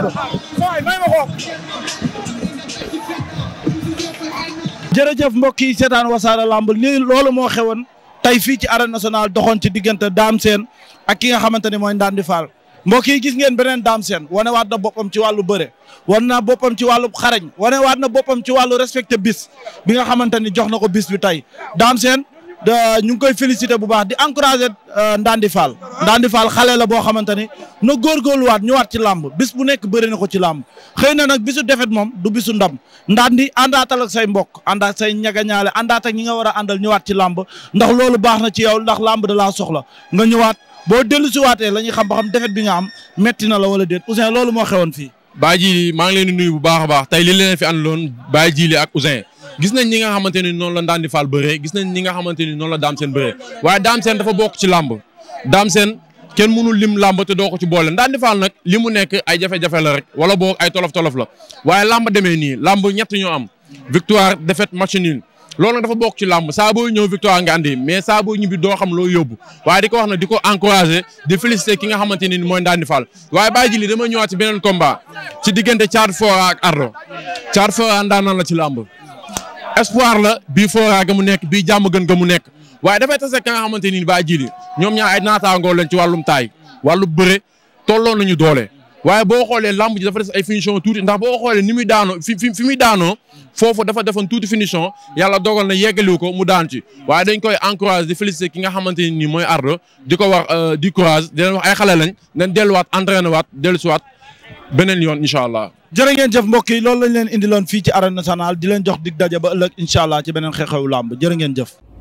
jërëjëf mbokk yi seetaan wasaare lamb lii loolu moo xewoon tey fii ci arène nationale doxoon ci diggante Dame Sène ak ki nga xamante ni mooy Ndandi Fall mbokk yi gis ngeen beneen Dame Sène wane waat na boppam ci wàllu bëre wane na boppam ci wàllu xarañ wane waat na boppam ci wàllu respecté bis bi nga xamante ni jox na ko bis bi tey Dame Sène ñu ngi koy félicité bu baax di encouragé euh, Ndandi Fall Ndandi Fall xale la boo xamante ni na góorgóorluwaat ñëwaat ci làmb bis bu nekk bëri na ko ci làmb xëy na nag bisu defet moom du bisu ndam Ndandi àndaatal ak say mbokk àndaat say ñagañaale àndaat ak ñi nga war a àndal ñëwaat ci làmb ndax loolu baax na ci yow ndax làmb da laa soxla ñëwaat boo dellu si waatee la ñuy xam ba xam defet bi nga am metti la wala déet Ousin loolu moo xewoon fii. Baye Djili maa ngi leen nuy nuyu bu baax a baax tey li leen fi àndaloon Baye Djili ak Ousin gis nañ ñi nga xamante ni noonu la daan di faal bëree gis nañ ñi nga xamante ni noonu la daam seen bëree waaye daam dafa bokk ci làmb daam seen kenn mënul lim làmb te doo ko ci boole daan di faal nag li mu nekk ay jafe-jafe la rek wala boog ay tolof-tolof la waaye làmb demee nii làmb ñett ñoo am victoire défaite match nul loolu dafa bokk ci làmb saa booy ñëw victoire nga andi mais saa booy ñibbi doo xam loo yóbbu waaye di ko wax na di ko encouragé di félicité ki nga xamante ni mooy Ndandi Fall waaye bàyyi ji li dama ñëwaat ci beneen combat ci diggante Thiat Fora ak Ardo Thiat Fora ndaanaan la ci làmb espoir la bii Fora ga mu nekk bii jàmm gën ga mu nekk waaye dafay tase ka nga xamante ni bàyyi ji li ñoom ñaar ay naataangoo leen ci wàllum taay wàllu bëre tolloon ñu doole waaye boo xoolee làmb ji dafa des ay finition boo xoolee ni muy daanoo fi fi muy daanoo foofu dafa defoon tuuti finition yàlla dogal na yeggaliwu ko mu daan ci waaye dañ koy encourage di féliciter ki nga xamante ni nii mooy Ardo di ko wax euh, di courage di leen wax ay xale lañ nañ delluwaat entraîné waat dellusiwaat beneen yoon incha allah. jërë ngeen jëf mbokk yi loolu lañ leen indiloon fii ci arène nationale di leen jox dig daje ba ëllëg incha allah ci beneen xew-xewu làmb jërë ngeen jëf.